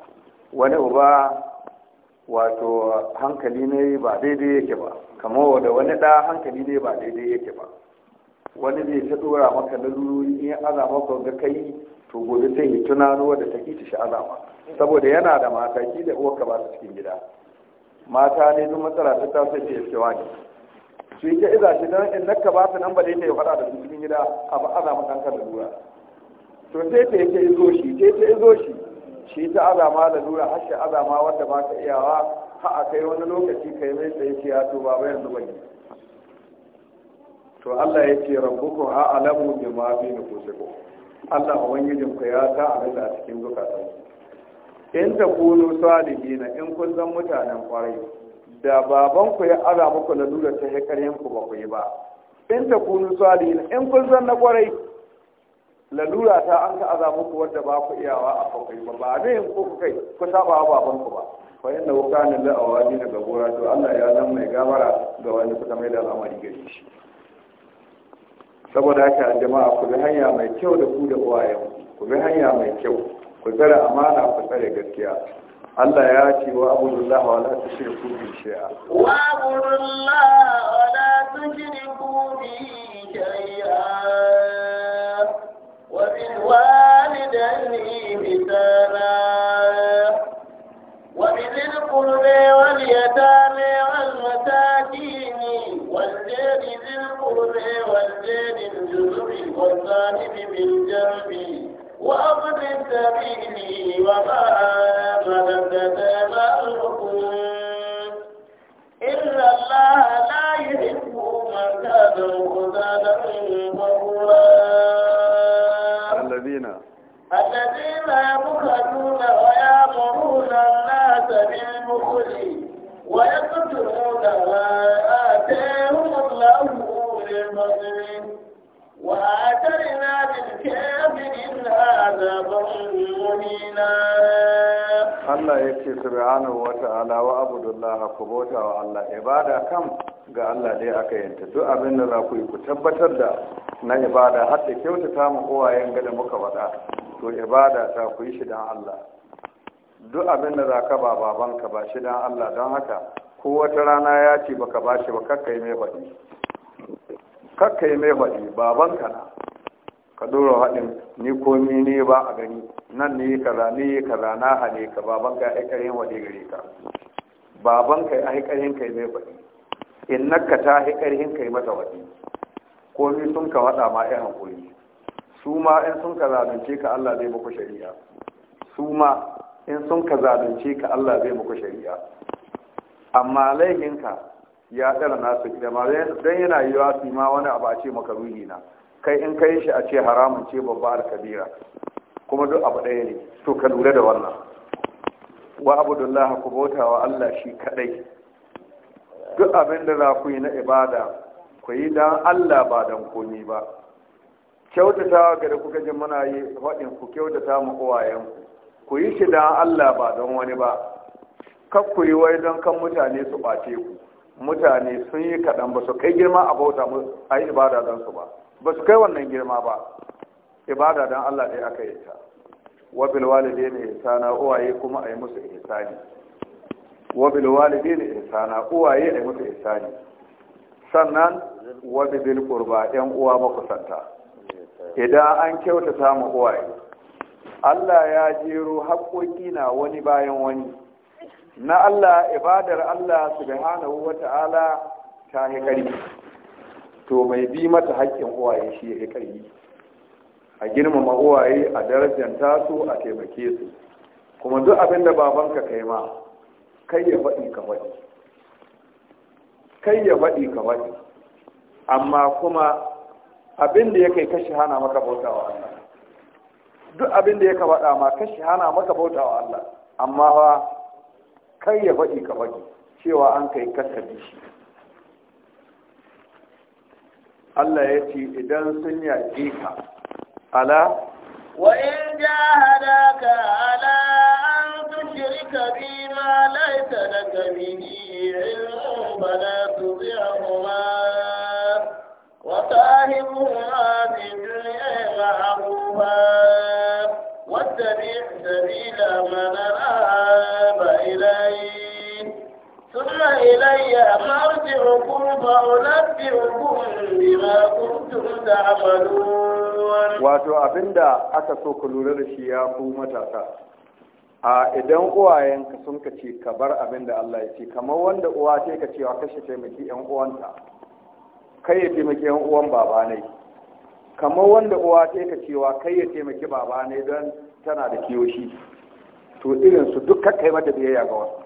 wani uba wato hankali ne ba daidai yake ba kamar da wani da hankali ne ba daidai yake ba wani zai ta dora maka lalurori in ana maka ga kai to gobe sai yi tunano da ta shi sha'azawa saboda yana da mata ki da uwarka ba su cikin gida mata ne duk matsala ta ta sai ce cewa ne su yi ke iza shi don in naka ba nan ba dai ta yi fada da su cikin gida a ba aza mata kan lura to sai ta yi ta izo shi ta yi ta izo shi shi ta azama da lura har shi azama wanda ba ka iyawa ha a kai wani lokaci kai mai sai ce ya to baba yanzu ba to Allah ya ce rabbukum a'lamu bima fi nufusikum Allah ubangijin ku ya sa abin da a cikin zukatan in ta kunu na in kun zan mutanen kwarai da baban ku ya aza muku lura ta hekarin ku ba ku yi ba in ta kunu na in kun zan na kwarai lalura ta an ka aza muku wadda ba ku iyawa a kwakwai ba ba zai yin ku kai ku saba wa baban ku ba fa inna wuka ne ne daga gora to Allah ya zan mai gabara ga wani suka mai da al'amari gari shi saboda haka jama'a ku bi hanya mai kyau da ku da uwaye ku bi hanya mai kyau ku tsare amana ku tsare gaskiya Allah ya ce wa abudullah wa la tushriku bi shay'a wa
wa la tushriku
ku ku tabbatar da na ibada har da kyautata mu kowayen gada muka faɗa to ibada ta ku yi shi don Allah duk abin da za ka ba babanka ba shi don Allah don haka ko wata rana ya ce baka ba shi ba kakka yi mai faɗi kakka yi mai faɗi babanka na ka ɗora haɗin ni komi ne ba a gani nan ne kaza ne kaza na hane ka ka ya aikarin waɗe gare ka ka ya ka kai mai faɗi in naka ta ka kai mata waje? ni sun ka wada ma ya hakuri su ma in sun ka zalunce ka Allah zai muku shari'a su ma in sun ka zalunce ka Allah zai muku shari'a amma laifinka ya tsara nasu ma dan yana yiwa su ma wani abu a ce maka ruhi na kai in kai shi a ce haramun ce babba Kabira. kuma duk abu ɗaya ne to ka lura da wannan wa abdullahi ku bauta wa Allah shi kadai duk abin da za ku yi na ibada ku yi don Allah ba dan komi ba kyautata ga da kuka ji muna yi faɗin ku kyautata mu uwayen ku yi shi don Allah ba don wani ba kar ku yi wai don kan mutane su ɓace ku mutane sun yi kaɗan ba su kai girma a bauta mu a yi ibada don su ba ba su kai wannan girma ba ibada don Allah ɗaya aka yi ta wabil walide ne ihsana uwaye kuma a yi musu ihsani wabil walide ne ihsana uwaye a yi musu ihsani sannan wani bil yan uwa makusanta idan an kyautata mu uwaye Allah ya jero haƙoƙi na wani bayan wani na Allah ibadar Allah subhanahu wata'ala ta yi ƙarfi to mai bi mata haƙƙin uwaye shi ya ƙarfi a girmama uwaye a darajanta su a taimake su kuma duk abinda da babanka kai ma kai ya faɗi ka faɗi kai ya faɗi ka faɗi amma kuma abin da ya kai kashi hana maka bautawa Allah duk abin da ya faɗa ma kashi hana maka bautawa Allah amma fa kai ya faɗi ka faɗi cewa an kai kasabi shi Allah ya ce idan sun yaƙe ka ala
wa in jahadaka ala an tushrika bi ما ليس لك به علم فلا تطعهما وصاحبهما في الدنيا معروفا واتبع سبيل من أناب إليه ثم إلي مرجعكم فأنبئكم بما
كنتم تعملون wato abinda aka so ku lura da shi ya ku matasa a idan uwayenka sun ka ce ka bar abin da Allah ya ce kamar wanda uwa ce ka cewa kashe taimaki yan uwanta kai ya taimaki yan uwan baba ne kamar wanda uwa ce ka cewa kai ya taimaki baba ne don tana da kiyoshi to irin su duk kai mata biyayya ga wasu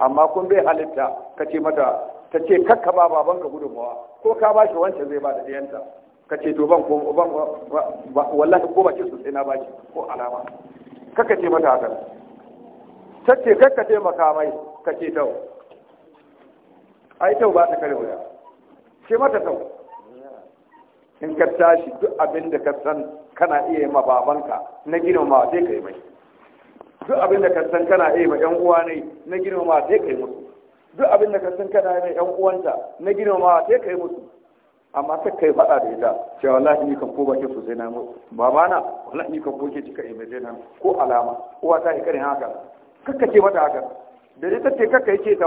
amma kun bai halitta ka ce mata ta ce kakka ba baban ka gudunmawa ko ka ba shi wancan zai ba da ɗiyanta ka ce to ban ko ban wallahi ko ba ce sosai na ba ko alama kaka ce mata haka ta ce kai taimaka mai ka tau ai tau ba ta kare wuya ce mata tau in ka tashi duk abin da ka san kana iya yi ma babanka na ma sai ka yi mai duk abin da ka san kana iya yi ma yan uwa ne na ma sai ka yi musu duk abin da ka san kana iya yan uwanta na ma sai ka yi musu amma sai kai faɗa da ita ce wallahi ni kan ko ke su sai na mu babana wallahi ni kan ko ke cika mai sai na ko alama uwa ta ikari haka kakka ce mata haka da ita ce kakka ce ta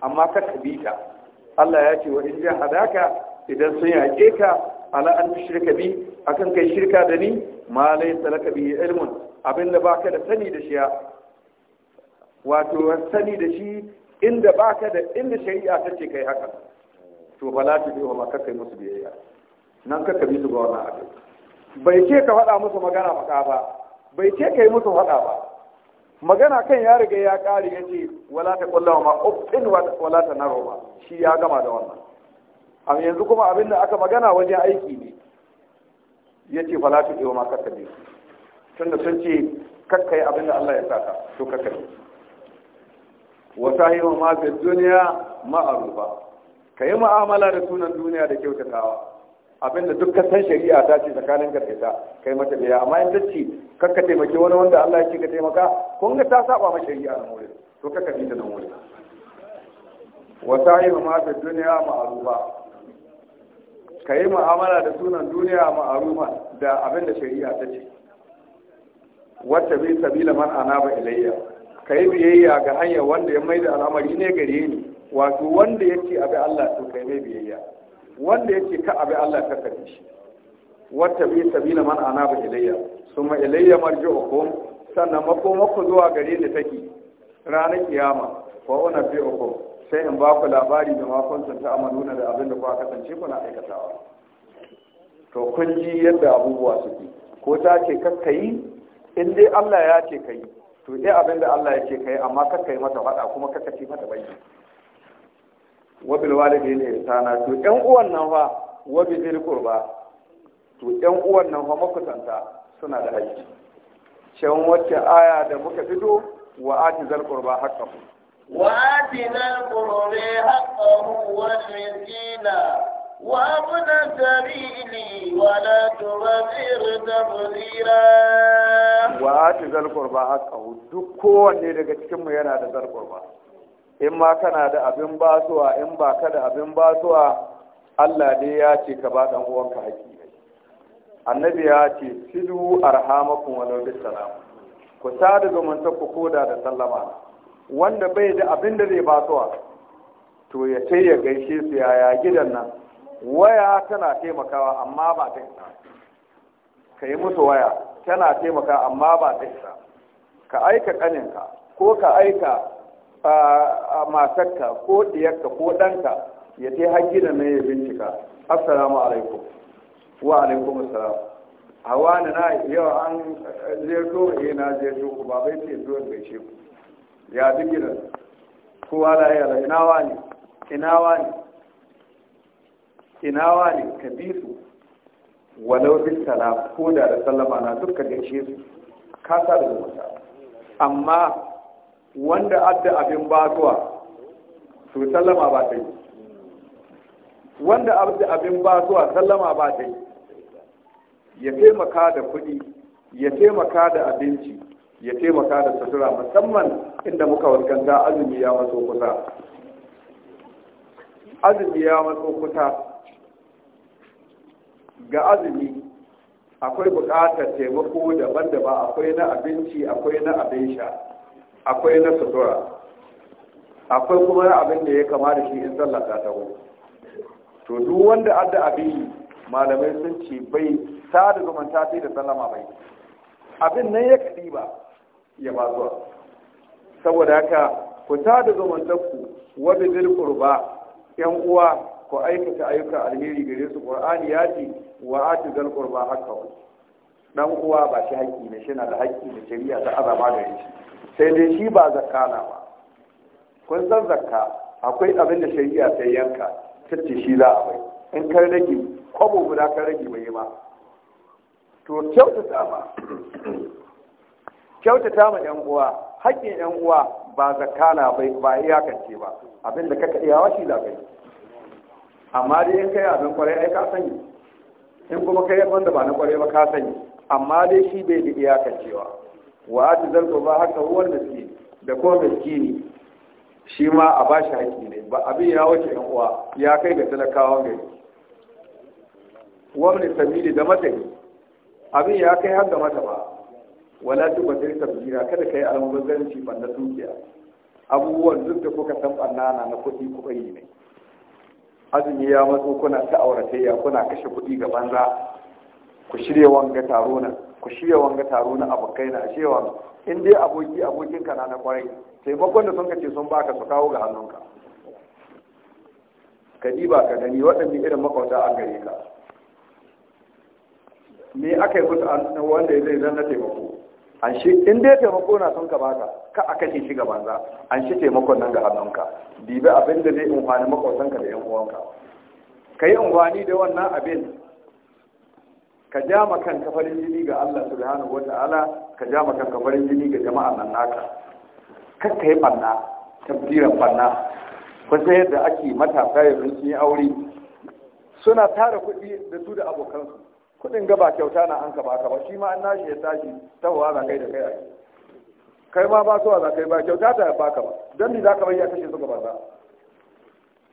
amma ka bi ta Allah ya ce wa in ja hadaka idan sun yaƙe ka ala an shirka bi akan kai shirka da ni ma laysa laka bi ilmun abin da baka da sani da shi wato sani da shi inda baka da inda shari'a ta ce kai haka to bala ta wa maka kai musu biyayya nan ka bi su ga wannan abin bai ce ka faɗa musu magana maka ba bai ce ka yi musu faɗa ba magana kan ya riga ya kare ya ce wala ta kullawa ma uffin wala ta naro shi ya gama da wannan A yanzu kuma abin da aka magana wajen aiki ne ya ce fala ta ɗewa ma kaka ne tunda sun ce kakka yi abin da Allah ya saka to kaka ne wa sahihu ma fi duniya ma'arufa ka yi mu'amala da sunan duniya da kyautatawa abinda duk ka san shari'a ta ce tsakanin ka ta kai mata biya amma in dace kakka taimaki wani wanda Allah ya ce ka taimaka kun ga ta saba ma shari'a na wurin to kakka kafi ta na wurin wa sa'ibu ma da duniya ka kai mu'amala da sunan duniya ma'rufa da abinda shari'a ta ce wata bi sabila man anaba ilayya kai biyayya ga hanyar wanda ya maida al'amari ne gare ni wato wanda yake abi Allah to kai mai biyayya wanda yake ka abi Allah ka kace shi wata bi sabila man bi ilayya kuma ilayya marji'ukum sannan makomako zuwa gare ni take ranar kiyama fa una bi ukum sai in baku labari da makon sun ta na da abin da ku kasance kuna aikatawa to kun ji yadda abubuwa suke ko ta ce kakkayi in dai Allah ya ce kai to iya abin da Allah ya ce kai amma kakkayi mata faɗa kuma kakkaci mata bayyana. wa bil walidaini ihsana to 'yan uwan nan fa wa bi dhil qurba to 'yan uwan nan fa makusanta suna da haƙƙi cewa wacce aya da muka fito wa ati zal qurba haqqahu
wa ati zal qurba haqqahu wal miskina wa abun sabili wa la tubir tabzira
wa ati zal qurba haqqahu duk kowanne daga cikin mu yana da zal qurba in ma kana da abin basuwa in ba ka da abin basuwa Allah ne ya ce ka ba dan uwanka haƙi annabi ya ce sidu arhamakum walau salam ku sada zumunta ku koda da sallama wanda bai da abin da zai basuwa to ya ce ya gaishe su yaya gidan nan waya tana taimakawa amma ba ta isa ka yi musu waya tana taimakawa amma ba ta isa ka aika kaninka ko ka aika matarka ko ɗiyarka, ko ɗanka ya je hajjina na ya bincika assalamu alaikum wa alaikum assalam a wani na yau an zeto eh na zeto ku ba bai ce zuwa ga ce ku ya bi gidan kowa la ya la ina wani ina wani ina wani ka bi su walau bin salam ko da da sallama na dukkan gaishe su ka sa da mutane amma wanda adda abin basuwa su sallama ba ta yi wanda adda abin basuwa sallama ba ta yi ya taimaka da kuɗi ya taimaka da abinci ya taimaka da sutura musamman inda muka waskanta azumi ya maso kusa azumi ya maso kusa ga azumi akwai buƙatar taimako daban-daban akwai na abinci akwai na abin sha akwai na sutura akwai kuma na abin da ya kama da shi in sallah ta taho to duk wanda adda abin malamai sun ce bai ta da zumunta sai da sallama bai abin nan ya kadi ba ya ba zuwa saboda haka ku ta da ku wani zil qurba yan uwa ku aikata ayyukan alheri gare su qur'ani ya ce wa ati zal qurba hakka dan uwa ba shi haƙƙi ne shi na da haƙƙi da shari'a ta azaba da shi sai dai shi ba zakka na ba kun san zakka akwai abin da shari'a ta yanka tace shi za a bai in ka rage kwabo guda ka rage bai ba to kyautata ma kyautata ma yan uwa haƙƙin yan uwa ba zakka na bai ba iyakance ba abin da ka iyawa shi za kai. amma dai in kai abin kwarai ai ka sani in kuma kai wanda ba na kwarai ba ka sani amma dai shi bai da iyakancewa wa aji zalko ba haka huwar miskini da kuma miskini shi ma a ba shi haƙi ne ba abin ya wuce yan uwa ya kai ga talakawa gari wani sabili da matsayi abin ya kai har da mata ba wala tubatir tabbira kada kai almubazzaranci banda dukiya abubuwan duk da kuka san bannana na kuɗi kuɗi ne azumi ya matso kuna ta auratayya kuna kashe kuɗi ga banza ku shirya wanga taro na ku shirya wanga taro na abokai na shewa in dai aboki abokin ka na na kwarai taimakon da sun ka ce sun baka su kawo ga hannunka ka diba ka gani waɗanda irin makwauta a gare ka me aka yi musu wanda zai zan na taimako an shi in dai taimako na sun ka baka ka a kashe shi gaban za an shi taimakon nan ga hannunka dibi abin da zai amfani makwautanka da yan uwanka ka yi amfani da wannan abin ka ja ma kan farin jini ga Allah subhanahu wata'ala ka ja ma kan farin jini ga jama'a nan naka kar ka yi banna tabbiran banna kusa yadda ake matasa yanzu sun yi aure suna tara kuɗi da su da abokansu kuɗin gaba kyauta na an ka baka ba shi ma an nashi ya tashi tahowa za kai da kai ake kai ma ba suwa za kai ba kyauta ta ya baka ba don ni za ka bayyana kashe su gaba za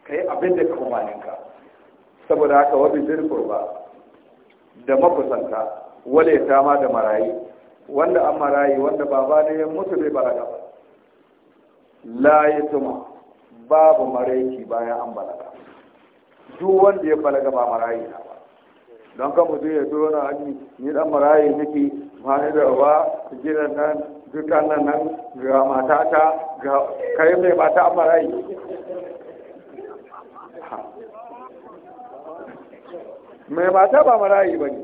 ka yi abin da ka ninka, saboda haka wabin zirfur ba da makusanta wale ma da marayi wanda an marayi wanda baba ne ya mutu bai balaga ba la tuma babu maraiki bayan an balaga duk wanda ya balaga ba marayi na ba don kan mutum ya zo na hanyar ni dan marayi nake ma ni da uba gidan nan dukan nan nan ga matata ga kai mai mata an marayi mai mata ba marayi ba ne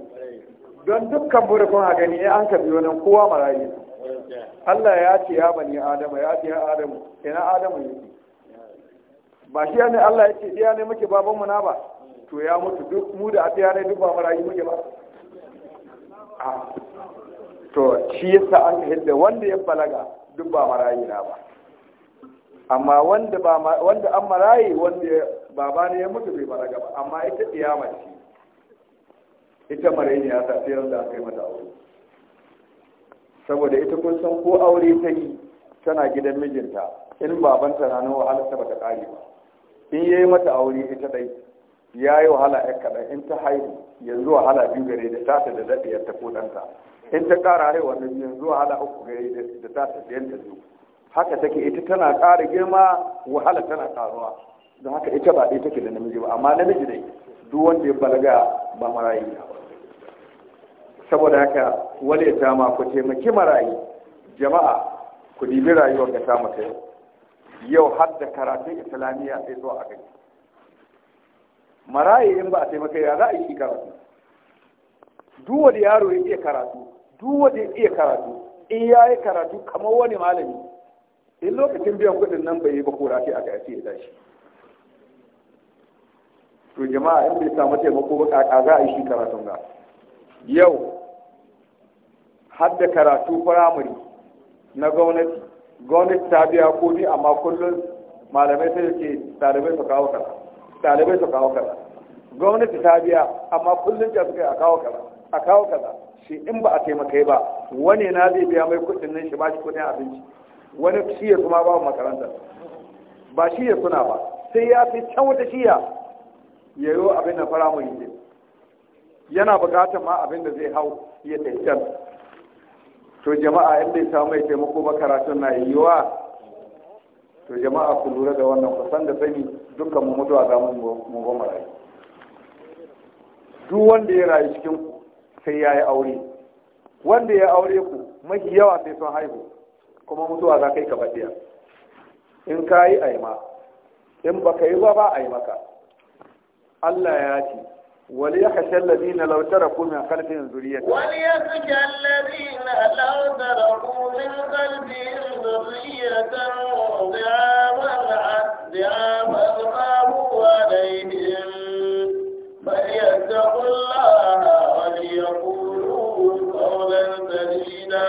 don dukkan burukun a gani ya an kafi wani kowa marayi Allah ya ce ya bani Adamu ya ce ya Adamu ina Adamu yake ba shi ne Allah ya ce iya ne muke baban mu na ba to ya mutu duk mu da atiya ne duk ba marayi muke ba to shi yasa an hidda wanda ya balaga duk ba marayi na ba amma wanda ba wanda an marayi wanda baba ne ya mutu bai balaga ba amma ita iyama ce ita maraini ya sa sai da aka yi mata aure saboda ita kun san ko aure ta yi tana gidan mijinta in babanta na nawa halatta bata kare ba in ya yi mata aure ita dai ya yi wahala ya kada in ta haihu yanzu wahala biyu gare da tata da daɗiyar ta ko ɗanta in ta ƙara haihuwa na yanzu wahala uku gare da tata da yanta zo haka take ita tana ƙara girma wahala tana ƙaruwa don haka ita ba ɗaya take da namiji ba amma namiji dai duk wanda ya balaga ba marayi ba saboda haka wale ma ku taimaki marayi jama'a ku dibi rayuwar da samu ta yau har da karatun islamiyya sai zuwa a kai marayi in ba a taimaka ya za a yi karatu duk yaro ya iya karatu duk ya iya karatu in ya yi karatu kamar wani malami in lokacin biyan kudin nan bai yi ba kora sai a yace ya tashi to jama'a in bai samu taimako ba a za a yi shi karatun ga yau har da karatu firamare na gwamnati gwamnati ta biya kuɗi amma kullum malamai sai ke ɗalibai su kawo kaza ɗalibai su kawo kaza gwamnati ta biya amma kullum ta suka a kawo kaza a kawo kaza shi in ba a taimakai ba wani na zai biya mai kudin nan shi ba shi kudin abinci wani shi ya kuma babu makarantar ba shi ya suna ba sai ya fi can wata shiya ya yi abin da fara mu yi yana bukatar ma abin da zai hau ya taicen to jama'a in bai samu mai taimako ba karatun na yiwuwa to jama'a ku lura da wannan kusan da sani dukkan mu mutuwa za mu ba marayu duk wanda ya rayu cikin ku sai ya yi aure wanda ya aure ku mafi yawa sai sun haihu kuma mutuwa za ka yi kabaɗiya in ka yi a yi ma in ba ka yi ba ba a yi maka Allah ya ce وليخشى الذين لو تركوا من خلفهم ذرية
وليخشى الذين لو تركوا من خلفهم ذرية ضعاما ضعاما خافوا عليهم فليتقوا الله وليقولوا قولا سديدا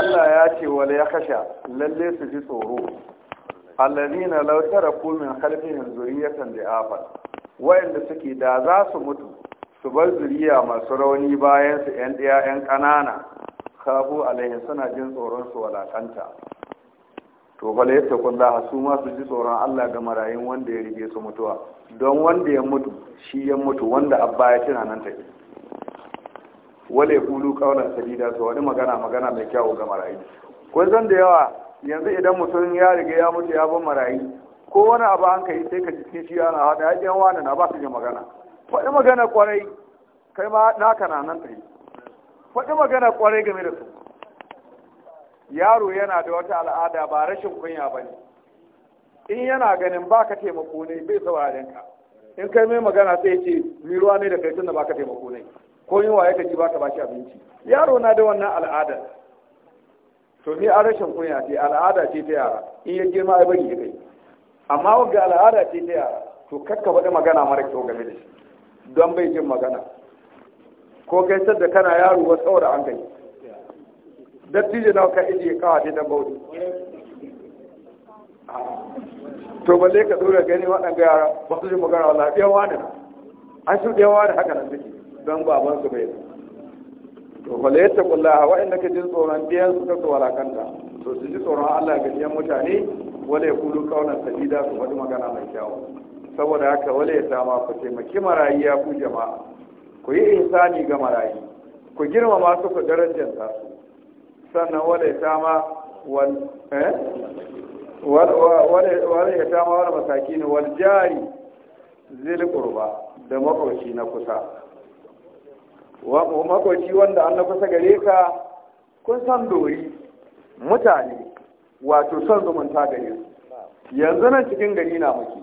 الله ياتي وليخشى للي في صوروا الذين لو تركوا من خلفهم ذرية ضعافا wayanda suke da za su mutu su bar zuriya masu rauni bayan su yan ɗaya yan ƙanana kabu alaihi suna jin tsoron su walakanta to bala kun za su ma su ji tsoron Allah ga marayun wanda ya rige su mutuwa don wanda ya mutu shi ya mutu wanda abba ya tana nan take wale kulu kaulan sadida su wani magana magana mai kyau ga marayu kun san da yawa yanzu idan mutum ya rige ya mutu ya bar marayu ko wani abu kai sai ka jikin shi yana haɗa ya ji wani na ba su ji magana faɗi magana kwarai kai ma naka na nan tsaye faɗi magana kwarai game da su yaro yana da wata al'ada ba rashin kunya ba ne in yana ganin ba ka taimako ne bai sauraren ka in kai mai magana sai ya ce miruwa ne da kai tunda ba ka taimako ne ko yin waye ka ji ba ka ba shi abinci yaro na da wannan al'adar to ni a rashin kunya ce al'ada ce ta yara in ya girma ya bari ya kai amma ga al'ada ce ta yara to kakka faɗi magana mara kyau game da shi don bai jin magana ko kai da kana yaro wa tsaura an gani dattijo na ka ije kawa ta dan bauti? Ah. to balle ka dora gani waɗanda yara ba su ji magana wallahi ɗaya wani an shi ɗaya wani haka nan suke don babansu bai zai to wala ya taɓa Allah waɗanda ka jin tsoron biyan su kasu walakanta to su ji tsoron Allah ga biyan mutane wala ya kulu kaunar sadida su faɗi magana mai kyawu saboda haka wala ya tama ku taimaki marayi ya ku jama'a ku yi insani ga marayi ku girmama su ku ta su sannan wala ya tama wala eh? ya tama wani masaki ne wal jari zil da makwauci na kusa makwaci wanda an na kusa gare ka kun san dori mutane wato son zumunta gare su yanzu nan cikin gari na muke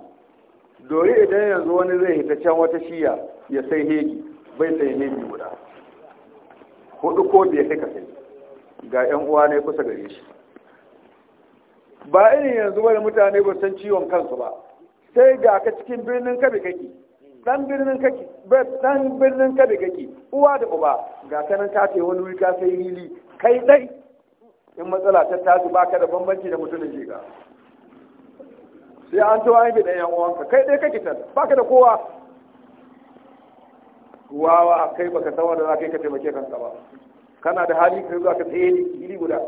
dori idan yanzu wani zai hita can wata shiya ya sai hegi bai sai hegi guda hudu ko biyar sai ka ga yan uwa ne kusa gare shi ba irin yanzu wani mutane ba san ciwon kansu ba sai ga ka cikin birnin kabe kake dan birnin kake dan birnin da kake uwa da uba ga kanan ka ce wani wuri ka sai hili kai dai in matsala ta tashi baka da bambanci da mutumin jiga sai an to an bi dan yan uwanka kai dai kake tan baka da kowa wawa kai baka san wanda za kai yi ka taimake kanka ba kana da hali kai za ka tsaye hili guda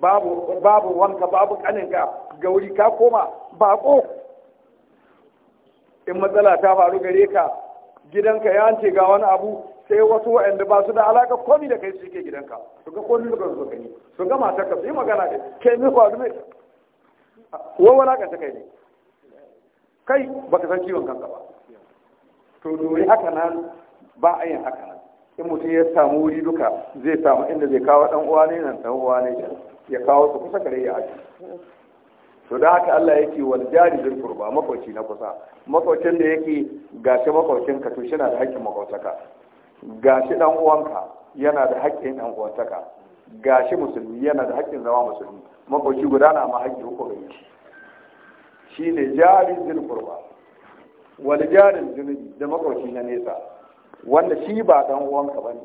babu babu wanka babu kaninka gauri ka koma bako in matsala ta faru gare ka gidanka ya ce ga wani abu sai wasu waɗanda ba su da alaka komi da kai su ke gidanka su ga komi da su gani su ga matar ka su yi magana da ke mi faru ne wa walaka ta kai ne kai ka san ciwon kanka ba to dori haka nan ba a yin haka nan in mutum ya samu wuri duka zai samu inda zai kawo ɗan uwa ne nan ɗan uwa ne ya kawo su kusa gare ya aji to da haka Allah yake wal jari bil qurba makwaci na kusa makwacin da yake gashi makwacin ka to shi na da haƙƙin makwataka gashi dan uwanka yana da haƙƙin dan uwantaka gashi musulmi yana da haƙƙin zama musulmi makwaci guda na ma haƙƙi uku gare shi shine jari bil qurba wal jari junubi da makwaci na nesa wanda shi ba dan uwanka bane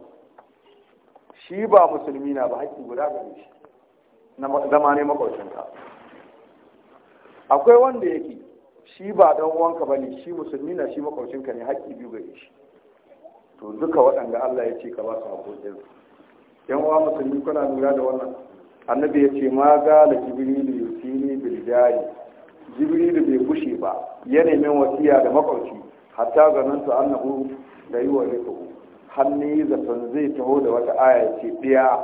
shi ba musulmi na ba haƙƙi guda gare shi na zama ne ka akwai wanda yake shi ba dan ba ne shi musulmi na shi makwabcinka ne haƙƙi biyu gare shi to duka waɗanda Allah ya ce ka ba su haƙoƙin yan uwa musulmi kuna lura da wannan annabi ya ce ma gala jibrilu yusini bil jari jibrilu bai bushe ba ya nemi wasiya da makwaci hatta ga annahu da yi wa rikuhu hannu zaton zai taho da wata aya ce ɗaya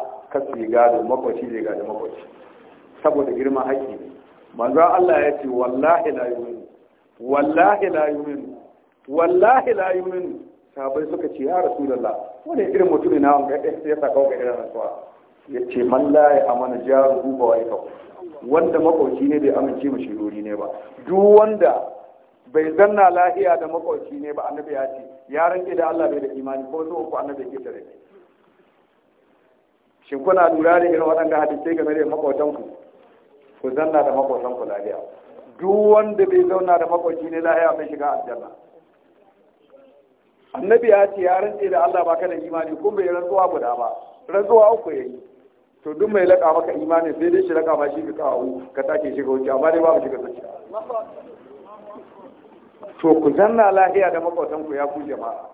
ya saboda girman haƙƙi ne manzo Allah ya ce wallahi la yu'minu wallahi la yu'minu wallahi la yu'minu sabai suka ce ya rasulullah wani irin mutum na wanga ya saka ga irin rasuwa ya ce man la ya amana jaruhu ba wai wanda makauci ne bai amince mu shirori ne ba duk wanda bai zanna lahiya da makauci ne ba annabi ya ce ya rike da Allah bai da imani ko so uku annabi ke tare shin kuna lura da irin waɗanda hadisai game da makautanku ku zanna da makwasan ku lafiya duk wanda bai zauna da makwaci ne lafiya mai shiga aljanna annabi ya ce ya rantse da Allah baka da imani kun bai rantsuwa guda ba rantsuwa uku yayi to duk mai laka maka imani sai dai shi laka ma shi ka kawo ka take shiga wuce amma dai babu shiga zuciya to ku zanna lafiya da makwasan ku ya ku jama'a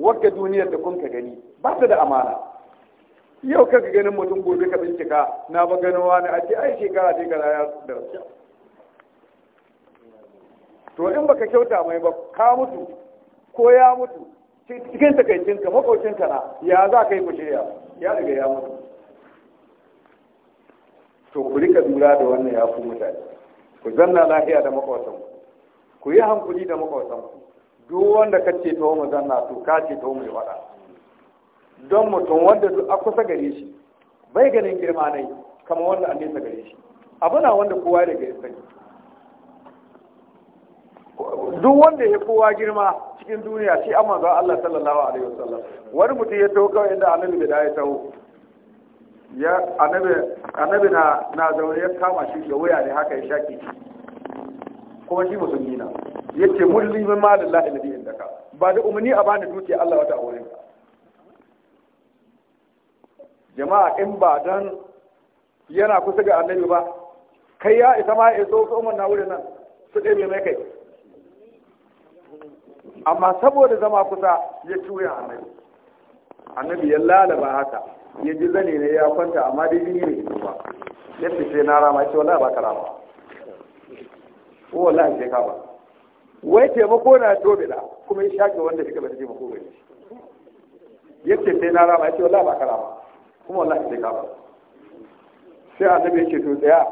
wagga duniyar da kun ka gani ba ta da amana yau kaka ganin mutum gobe ka bincika na ba ganin wani a ce ai shekara ce gara ya da to in baka kyauta mai ba ka mutu ko ya mutu cikin takaicinka ka na ya za ka yi ku shirya ya daga ya mutu to ku rika lura da wannan ya fi mutane ku zanna lafiya da makwatan ku yi hankuli da makwatan duk wanda ka ce ta mu zanna to ka ce ta mu ya faɗa don mutum wanda duk a kusa gare shi bai ganin girma nai kamar wanda a nesa gare shi abu na wanda kowa daga gare sani duk wanda ya kowa girma cikin duniya shi amma za Allah sallallahu alaihi wasallam wani mutum ya taho kawai inda annabi da ya taho ya annabi annabi na na ya kama shi da waya ne haka ya shaki kuma shi musulmi na yace mulmi min malillahi ladhi indaka ba da umni a bani dukiya Allah wata aure ka jama'a in ba dan yana kusa ga annabi ba kai ya isa ma ya zo su umar na wurin nan su ɗaya mai kai amma saboda zama kusa ya tuya annabi annabi ya lalaba haka ya ji zane ne ya kwanta amma dai jini ne ba yadda sai na rama ce wallahi ba ka rama ko wallahi sai ka ba wai taimako na tobe da kuma ya shaƙe wanda suka bata taimako gani yadda sai na rama ya ce wallahi ba ka rama kuma wallahi sai kafa ba sai annabi ya ce to tsaya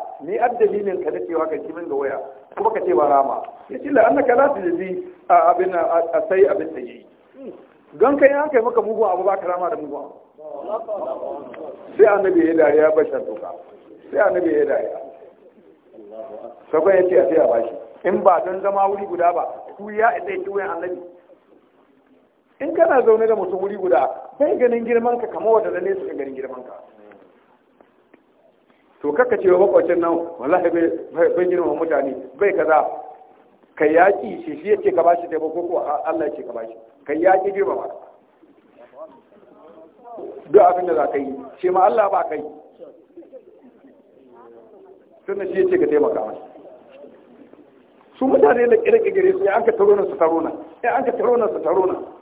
ni ne ka da cewa ka ci min ga waya kuma ka ce ba rama ya ce la annaka la tuzi abin a sai abin da yi don kai an kai maka mugun abu ba ka rama da mugun abu sai annabi ya dariya bashar doka sai annabi ya dariya sakon ya ce a sai a bashi in ba don zama wuri guda ba ku ya isa ya ci wayan annabi in kana zaune da mutum wuri guda bai ganin girman ka kamar wanda na nesa ka ganin girman ka to kaka cewa makwacin nan wallahi bai girman mutane bai kaza ka yaki shi shi yace ka bashi taimako ko Allah yace ka bashi ka yaki girma ba duk abin da za ka yi shi ma Allah ba kai tunda shi yace ka taimaka masa su mutane da kire su ya an ka taro na su taro na ya an taro na su taro na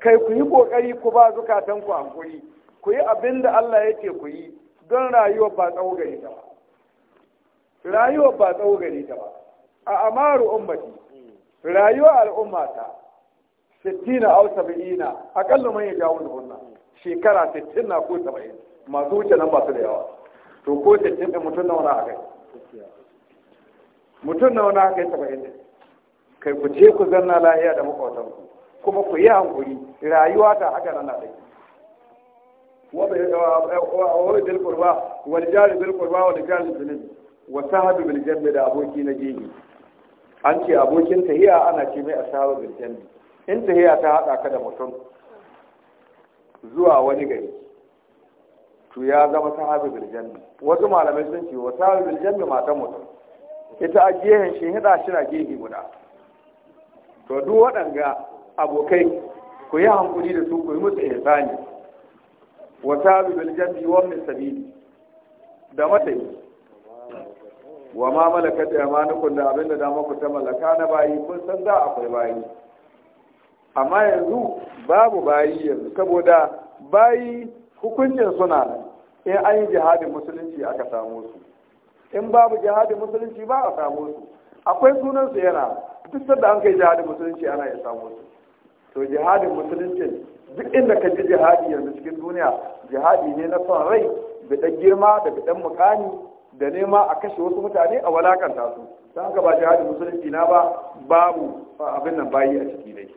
kai ku yi ƙoƙari ku ba zukatan ku hankuri ku yi abin da Allah ya ce ku yi don rayuwar ba tsawo gari ta ba rayuwar ba tsawo gari ta ba a amaru ummati rayuwar al'ummata sittina aw sab'ina aqallu man da wannan shekara sittin na ko 70 masu wuce nan ba su da yawa to ko sittin din mutum nawa na haka mutum nawa na haka 70 kai ku je ku zanna lahiya da makwatan ku kuma ku yi hankuri rayuwa ta haka nan na dai wa bil qurba wal jari bil qurba wal jari bil wa sahabi bil janna da aboki na gini an ce abokin tahiya ana ce mai ashabu bil janna in tahiya ta hada ka da mutum zuwa wani gari to ya zama sahabi bil janna wasu malamai sun ce wa sahabi bil janna matan mutum ita a gehen shi hida shi na gehe guda to duk waɗanga abokai ku yi hankuli da su ku yi musu ihsani wa sabu bil jambi wa min sabili da yi wa ma malakat amanukum da abinda da muku ta mallaka na bayi kun san za akwai bayi amma yanzu babu bayi yanzu saboda bayi hukuncin suna nan in an yi jihadin musulunci aka samu su in babu jihadin musulunci ba a samu su akwai sunan su yana duk sanda an kai jihadin musulunci ana ya samu su to jihadin musulunci duk inda ka ji jihadi yanzu cikin duniya jihadi ne na son rai da ɗan girma da ɗan mukami da nema a kashe wasu mutane a walakanta su ta haka ba jihadin musulunci na ba babu abin nan bayi a ciki dai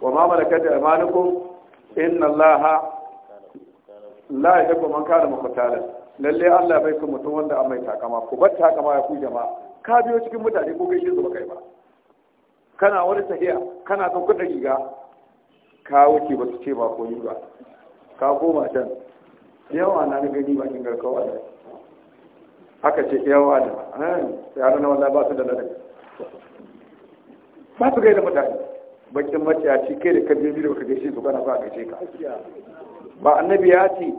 wa ma malakat amanukum inna allaha la yahibbu man kana muqtalan lalle Allah bai ku mutum wanda an mai takama ku bar takama ya ku jama'a ka biyo cikin mutane ko kai shi ba kai ba kana wani tafiya kana kan kuɗa riga ka wuce ba su ce ba koyi ba ka koma can yawa na na gani bakin garkawa da aka ce yawa da ah, yaran na wanda ba su da ladabi ba su gaida mutane bakin maciyaci kai da biyu da baka gaishe su kana ba a gaishe ka ba annabi ya ce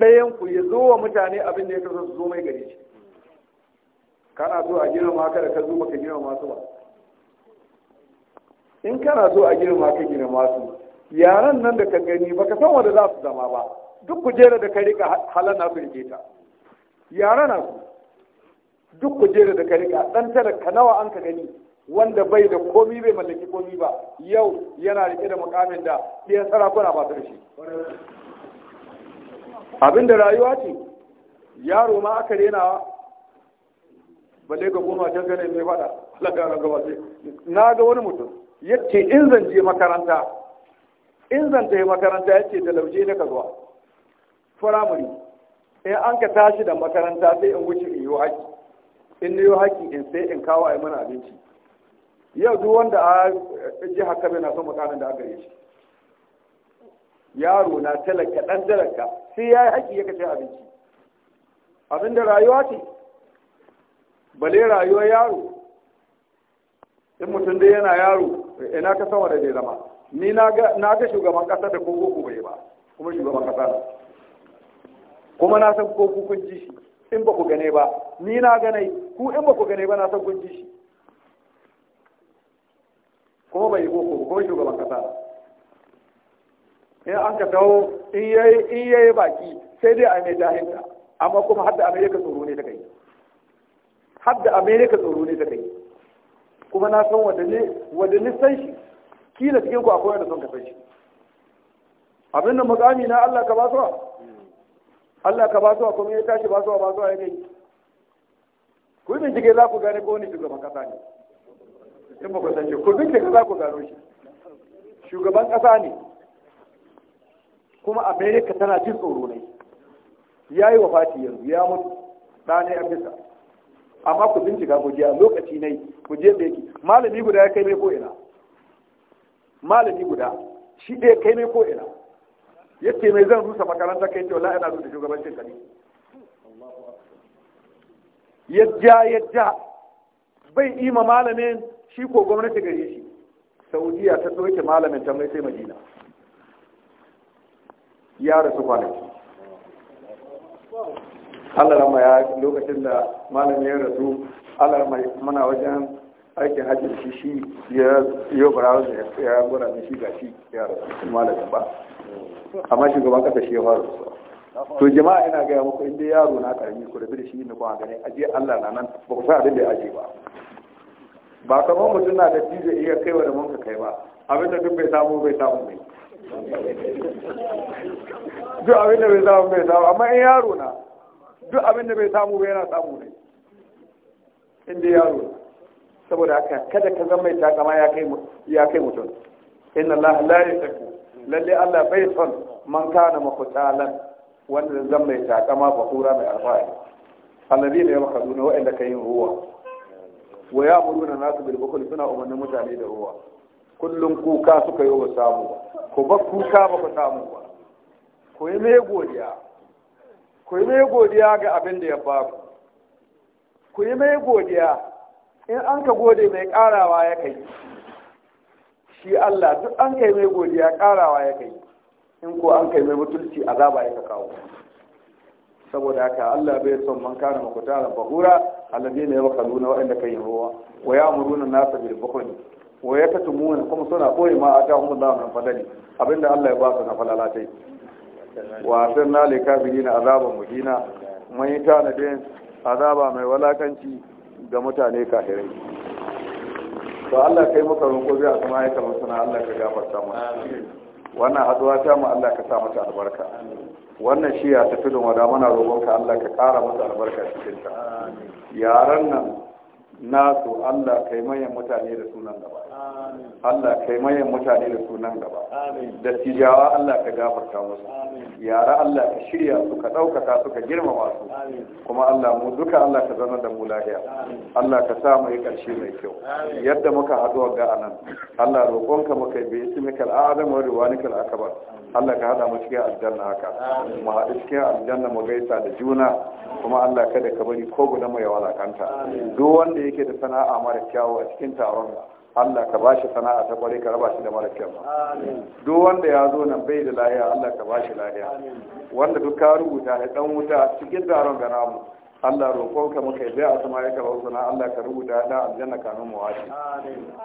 ɗayan ku ya zo wa mutane abin da ya kasa su zo mai gari. kana so a girma haka da ka zo baka girma masu ba in kana so a girma ka girma su yaran nan da ka gani ba ka san wanda za su zama ba duk kujera da ka rika halar na rike ta yara na su duk kujera da ka rika dan tare ka nawa an ka gani wanda bai da komi bai mallaki komi ba yau yana rike da mukamin da ɗiyan sarakuna ba su da shi abin da rayuwa ce yaro ma aka rena balle ga goma can gane mai fada ga na ga wani mutum yace in zan je makaranta in zan makaranta yace da lauje na kazuwa firamare in an ka tashi da makaranta sai in wuce in yi haƙi in yi haƙi in sai in kawo a mana abinci yau duk wanda a ji haka bai na son makanan da aka yi shi yaro na talaka ɗan talaka sai ya yi haƙi ya kace abinci abin da rayuwa ce bale rayuwar yaro in mutum dai yana yaro ina ka sama da zai zama ni na ga shugaban kasa da ko ku bai ba kuma shugaban kasa kuma na san ko ku kun ji shi in ba ku gane ba ni na gane ku in ba ku gane ba na san kun ji shi kuma bai ko ku ko shugaban kasa in an ka dawo in yayi in yayi baki sai dai a mai jahinta amma kuma hadda amerika tsoro ne ta kai hadda amerika tsoro ne da kai kuma na san wadda ne, san shi kila cikin ku akwai da son ka san shi abin da mukami na Allah ka ba su Allah ka ba su kuma ya tashi ba su ba su ya kai ku yi bincike za ku gane ko ni shugaban kasa ne in ba ku san shi ku bincike za ku gano shi shugaban kasa ne kuma amerika tana jin tsoro ne ya yi wa fati yanzu ya mutu ɗane a bisa amma ku bincika ku je a lokaci ne ku je da yake malami guda ya kai mai ko ina malami guda shi ɗaya kai mai ko ina ya ce mai zan rusa makaranta kai ce wallahi ina so da shugabancin ka ne yajja yajja bai ima malamin shi ko gwamnati gare shi saudiya ta soke malamin ta mai sai madina ya rasu kwanaki Allah rama ya lokacin da malam ya rasu Allah rama mana wajen aikin hajjin shi shi ya yi barawar da ya gura da shi gashi ya rasu malami ba amma shugaban kasa shi ya fara rasu to jama'a ina gaya muku inda yaro na karami ku rabi da shi ne kuma gani aje Allah na nan ba ku sa abin da ya aje ba ba kamar mutum na da tijo iya kaiwa da mun ka kai ba abin da duk bai samu bai samu mai duk abin da bai samu bai samu amma in yaro na duk abin da bai samu ba yana samu ne inda yaro saboda haka kada ka zama mai takama ya kai mutum inna Allah la yasaku lalle Allah bai son man kana mafutalan wanda zan mai takama kura mai alfahari alladhi ne maka duna wa'anda kai yin ruwa wa ya'muruna nasu bil bukul suna umarnin mutane da ruwa kullum kuka suka yi wa samu ku ba kuka ba ku samu ba ku yi mai godiya ku yi mai godiya ga abin da ya ba ku ku yi mai godiya in an ka gode mai karawa ya kai shi Allah duk an kai mai godiya karawa ya kai in ko an kai mai mutunci azaba ya kawo saboda haka Allah bai son man kana makutara bahura ba yabqaluna wa inda kai ruwa wa ya'muruna nasa bil bukhli wa yakatumuna kuma suna koyi ma Allah min fadali abinda Allah ya ba su na falalatai wa na li kafirin azaban muhina mun yi tanadin azaba mai walakanci ga mutane kafirai to Allah kai muka roƙo zai asma ya kama suna Allah ka gafarta mu wannan haduwa ta mu Allah ka sa mata albarka wannan shi ya tafi da wada mana roƙonka Allah ka ƙara mata albarka cikin ta yaran nan nasu Allah kai mutane da sunan gaba
Allah kai mutane
da sunan gaba da tijawa Allah ka gafarta musu yara Allah ka shirya su ka ɗaukaka su ka girmama su kuma Allah mu duka Allah ka zama da mu lahiya Allah ka sa mu yi ƙarshe mai kyau yadda muka haɗu ga anan Allah roƙonka muka yi bi ismikal a'zam wa riwanikal akbar Allah ka hada mu cikin aljanna haka mu haɗu cikin aljanna mu gaisa da juna kuma Allah kada ka bari ko guda mu ya walakanta duk wanda yake da sana'a mara kyawu a cikin taron Allah ka bashi sana'a ta kware ka raba shi da mara duk wanda ya zo nan bai da lahiya Allah ka bashi lahiya wanda duk ka rubuta ya dan wuta a cikin taron ga namu Allah muka yi a sama ya karɓar Allah ka rubuta da aljanna kanun mu wace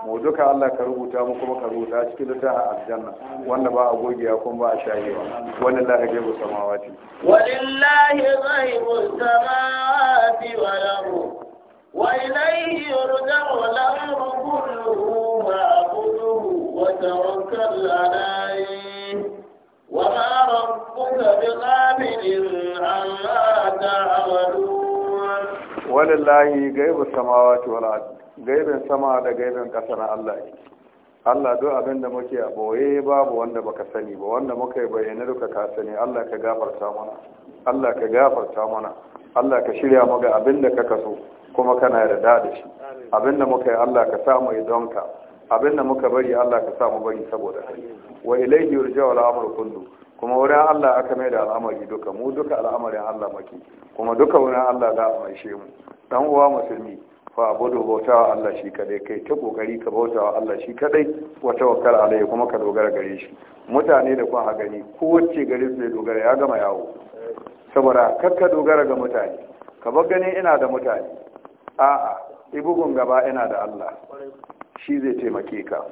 mu duka Allah ka rubuta mu kuma ka rubuta cikin aljanna wanda ba a gogewa kuma ba a shayewa samawati
samawati وإليه يرجع الأمر كله فاعبده وتوكل عليه وما ربك بغافل عما تعملون
ولله غيب السماوات والأرض gaibin sama da gaibin ƙasa na Allah ne Allah duk abin da muke a boye babu wanda baka sani ba wanda muka yi bayyana duka ka sani Allah ka gafarta mana Allah ka gafarta mana Allah ka shirya mu ga abin da ka kaso kuma kana yarda da shi abinda muka yi Allah ka samu idonka abinda muka bari Allah ka samu bari saboda kai wa ilayhi yurja'u al-amru kullu kuma wurin Allah aka mai da al'amari duka mu duka al'amarin Allah maki kuma duka wurin Allah za a maishe mu dan uwa musulmi fa abudu bautawa Allah shi kadai kai ta kokari ka bautawa Allah shi kadai wa tawakkal alaihi kuma ka dogara gare shi mutane da kuma gani wacce gari su dogara ya gama yawo saboda kakka dogara ga mutane ka bar gani ina da mutane a'a ibugun gaba yana da Allah shi zai taimake ka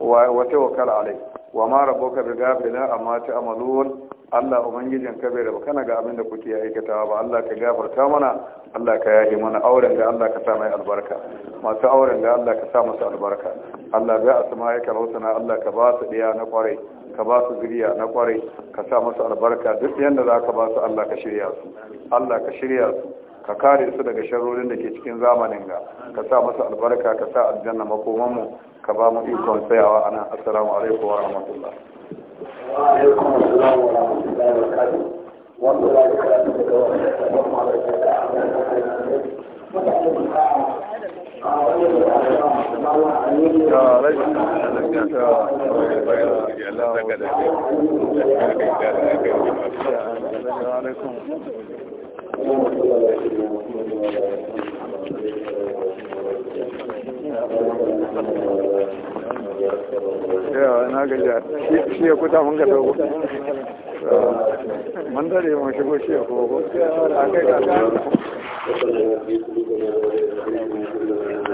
wa tawakkal alai wa ma rabbuka bi ghafilin amma ta'malun Allah ubangijin ka bai rabu kana ga abin da kuke aikatawa ba Allah ka gafarta mana Allah ka yahi mana auren ga Allah ka sa mai albarka masu auren ga Allah ka sa musu albarka Allah bai asma'ika husna Allah ka ba su diya na kwarai ka ba su ziriya na kwarai ka sa musu albarka duk yanda za ka ba su Allah ka shirya su Allah ka shirya su ka kare su daga sharorin da ke cikin zamanin ga ka sa masu albarka ka sa aljanna makoman mu ka ba mu ikon tsayawa ana assalamu alaikum wa rahmatullah
wa alaikum wa rahmatullahi wa barakatuh
yawa na gaja shi ya kuta mun gada ko man dare mun shigo shi ya ko ko a kai ga